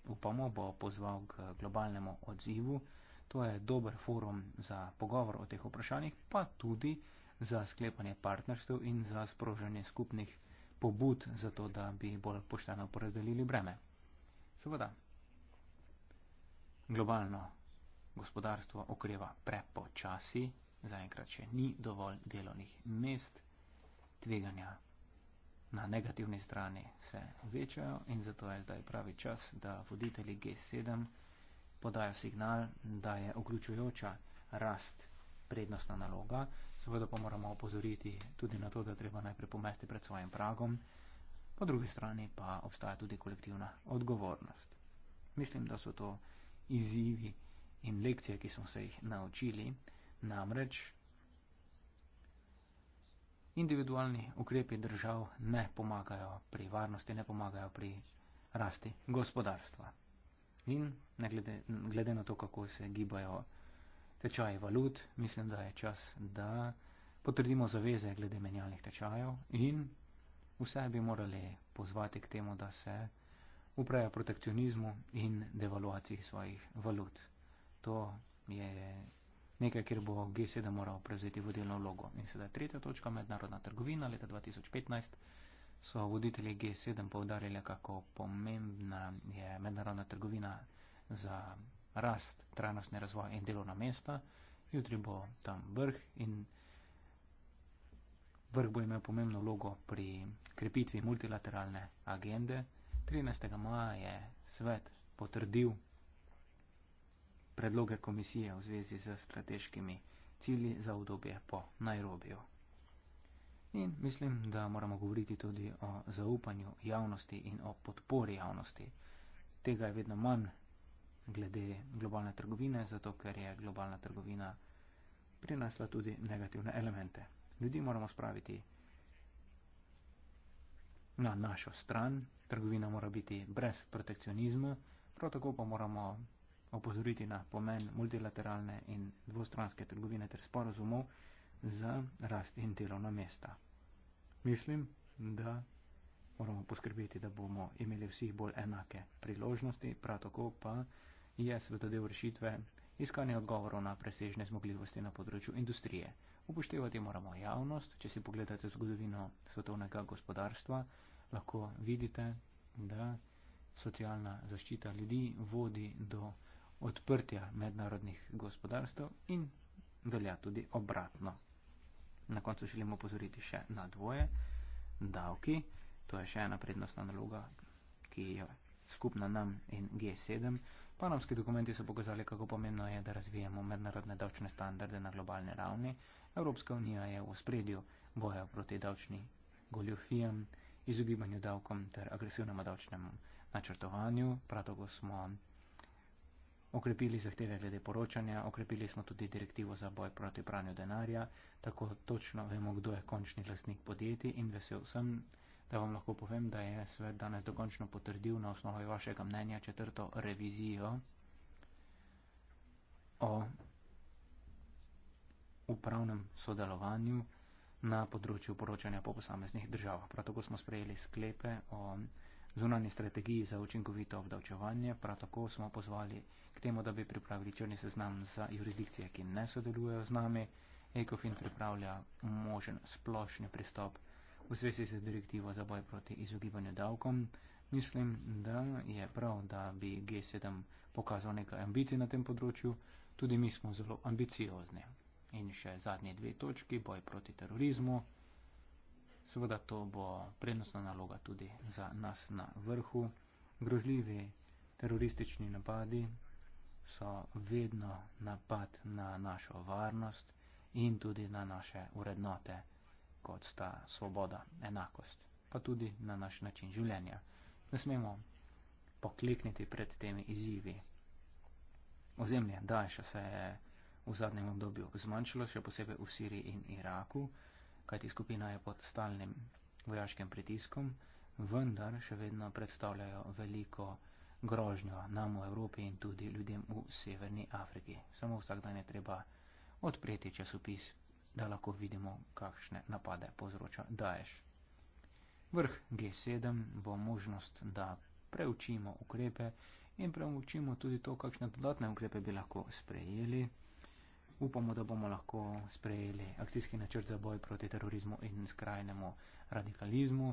upamo bo pozval k globalnemu odzivu. To je dober forum za pogovor o teh vprašanjih, pa tudi za sklepanje partnerstv in za sprožanje skupnih pobud za to, da bi bolj pošteno porazdelili breme. Seveda, globalno gospodarstvo okreva prepočasi, zaenkrat še ni dovolj delovnih mest, tveganja na negativni strani se večajo in zato je zdaj pravi čas, da voditelji G7 podajo signal, da je vključujoča rast prednostna naloga, Seveda pa moramo opozoriti tudi na to, da treba najprej pomesti pred svojim pragom, po drugi strani pa obstaja tudi kolektivna odgovornost. Mislim, da so to izzivi in lekcije, ki smo se jih naučili, namreč individualni ukrepi držav ne pomagajo pri varnosti, ne pomagajo pri rasti gospodarstva. In glede, glede na to, kako se gibajo tečaji valut, mislim, da je čas, da potrdimo zaveze glede menjalnih tečajev in vse bi morali pozvati k temu, da se uprejo protekcionizmu in devaluaciji svojih valut. To je nekaj, kjer bo G7 moral prevzeti vodilno vlogo. In sedaj tretja točka, mednarodna trgovina leta 2015. So voditelji G7 povdarjali, kako pomembna je mednarodna trgovina za rast, trajnostni razvoj in delovna mesta. Jutri bo tam vrh in vrh bo imel pomembno logo pri krepitvi multilateralne agende. 13. maja je svet potrdil predloge komisije v zvezi z strateškimi cilji za obdobje po Nairobiju. In mislim, da moramo govoriti tudi o zaupanju javnosti in o podpori javnosti. Tega je vedno manj glede globalne trgovine, zato ker je globalna trgovina prinesla tudi negativne elemente. Ljudi moramo spraviti na našo stran, trgovina mora biti brez protekcionizma, prav tako pa moramo opozoriti na pomen multilateralne in dvostranske trgovine ter sporozumov za rast in delovna mesta. Mislim, da moramo poskrbeti, da bomo imeli vsi bolj enake priložnosti, prav tako pa je seveda del rešitve iskanje odgovorov na presežne zmogljivosti na področju industrije. Upoštevati moramo javnost, če si pogledate zgodovino svetovnega gospodarstva, lahko vidite, da socialna zaščita ljudi vodi do odprtja mednarodnih gospodarstv in velja tudi obratno. Na koncu želimo opozoriti še na dvoje. Davki, to je še ena prednostna naloga, ki jo skupna nam in G7. Panamski dokumenti so pokazali, kako pomembno je, da razvijemo mednarodne davčne standarde na globalni ravni. Evropska unija je v spredju boja proti davčni goljofijam, izogibanju davkom ter agresivnemu davčnemu načrtovanju. Prav tako smo okrepili zahteve glede poročanja, okrepili smo tudi direktivo za boj proti pranju denarja, tako točno vemo, kdo je končni lasnik podjetij in vesel sem da vam lahko povem, da je svet danes dokončno potrdil na osnovi vašega mnenja četrto revizijo o upravnem sodelovanju na področju poročanja po posameznih državah. Prav tako smo sprejeli sklepe o zunanji strategiji za učinkovito obdavčevanje, prav tako smo pozvali k temu, da bi pripravili črni seznam za jurisdikcije, ki ne sodelujejo z nami. ECOFIN pripravlja možen splošni pristop v zvezi z direktivo za boj proti izogibanju davkom. Mislim, da je prav, da bi G7 pokazal nekaj ambicij na tem področju. Tudi mi smo zelo ambiciozni. In še zadnje dve točki, boj proti terorizmu. Seveda to bo prednostna naloga tudi za nas na vrhu. Grozljivi teroristični napadi so vedno napad na našo varnost in tudi na naše urednote kot sta svoboda, enakost, pa tudi na naš način življenja. Ne smemo poklekniti pred temi izzivi. Ozemlje Daesha se je v zadnjem obdobju zmanjšalo, še posebej v Siriji in Iraku, kajti skupina je pod stalnim vojaškim pritiskom, vendar še vedno predstavljajo veliko grožnjo nam v Evropi in tudi ljudem v Severni Afriki. Samo vsak dan je treba odpreti časopis da lahko vidimo, kakšne napade povzroča Daeš. Vrh G7 bo možnost, da preučimo ukrepe in preučimo tudi to, kakšne dodatne ukrepe bi lahko sprejeli. Upamo, da bomo lahko sprejeli akcijski načrt za boj proti terorizmu in skrajnemu radikalizmu,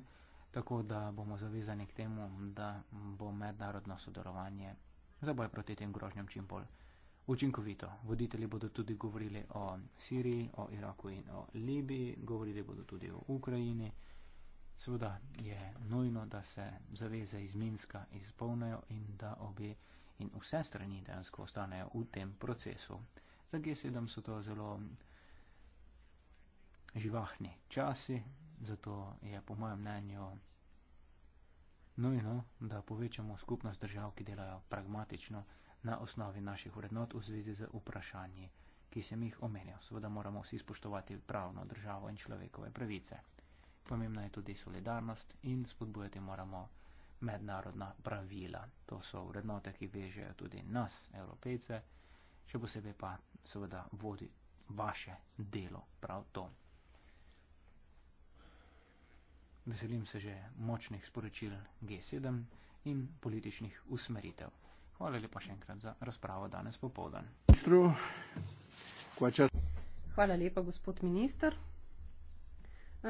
tako da bomo zavezani k temu, da bo mednarodno sodelovanje za boj proti tem grožnjam čim bolj učinkovito. Voditelji bodo tudi govorili o Siriji, o Iraku in o Libiji, govorili bodo tudi o Ukrajini. Seveda je nujno, da se zaveze iz Minska izpolnijo in da obe in vse strani dejansko ostanejo v tem procesu. Za G7 so to zelo živahni časi, zato je po mojem mnenju nujno, da povečamo skupnost držav, ki delajo pragmatično na osnovi naših vrednot v zvezi z vprašanji, ki sem jih omenil. Seveda moramo vsi spoštovati pravno državo in človekove pravice. Pomembna je tudi solidarnost in spodbujati moramo mednarodna pravila. To so vrednote, ki vežejo tudi nas, evropejce, še posebej pa seveda vodi vaše delo prav to. Veselim se že močnih sporočil G7 in političnih usmeritev. Hvala lepa še enkrat za razpravo danes popovdan. Hvala lepa, gospod minister.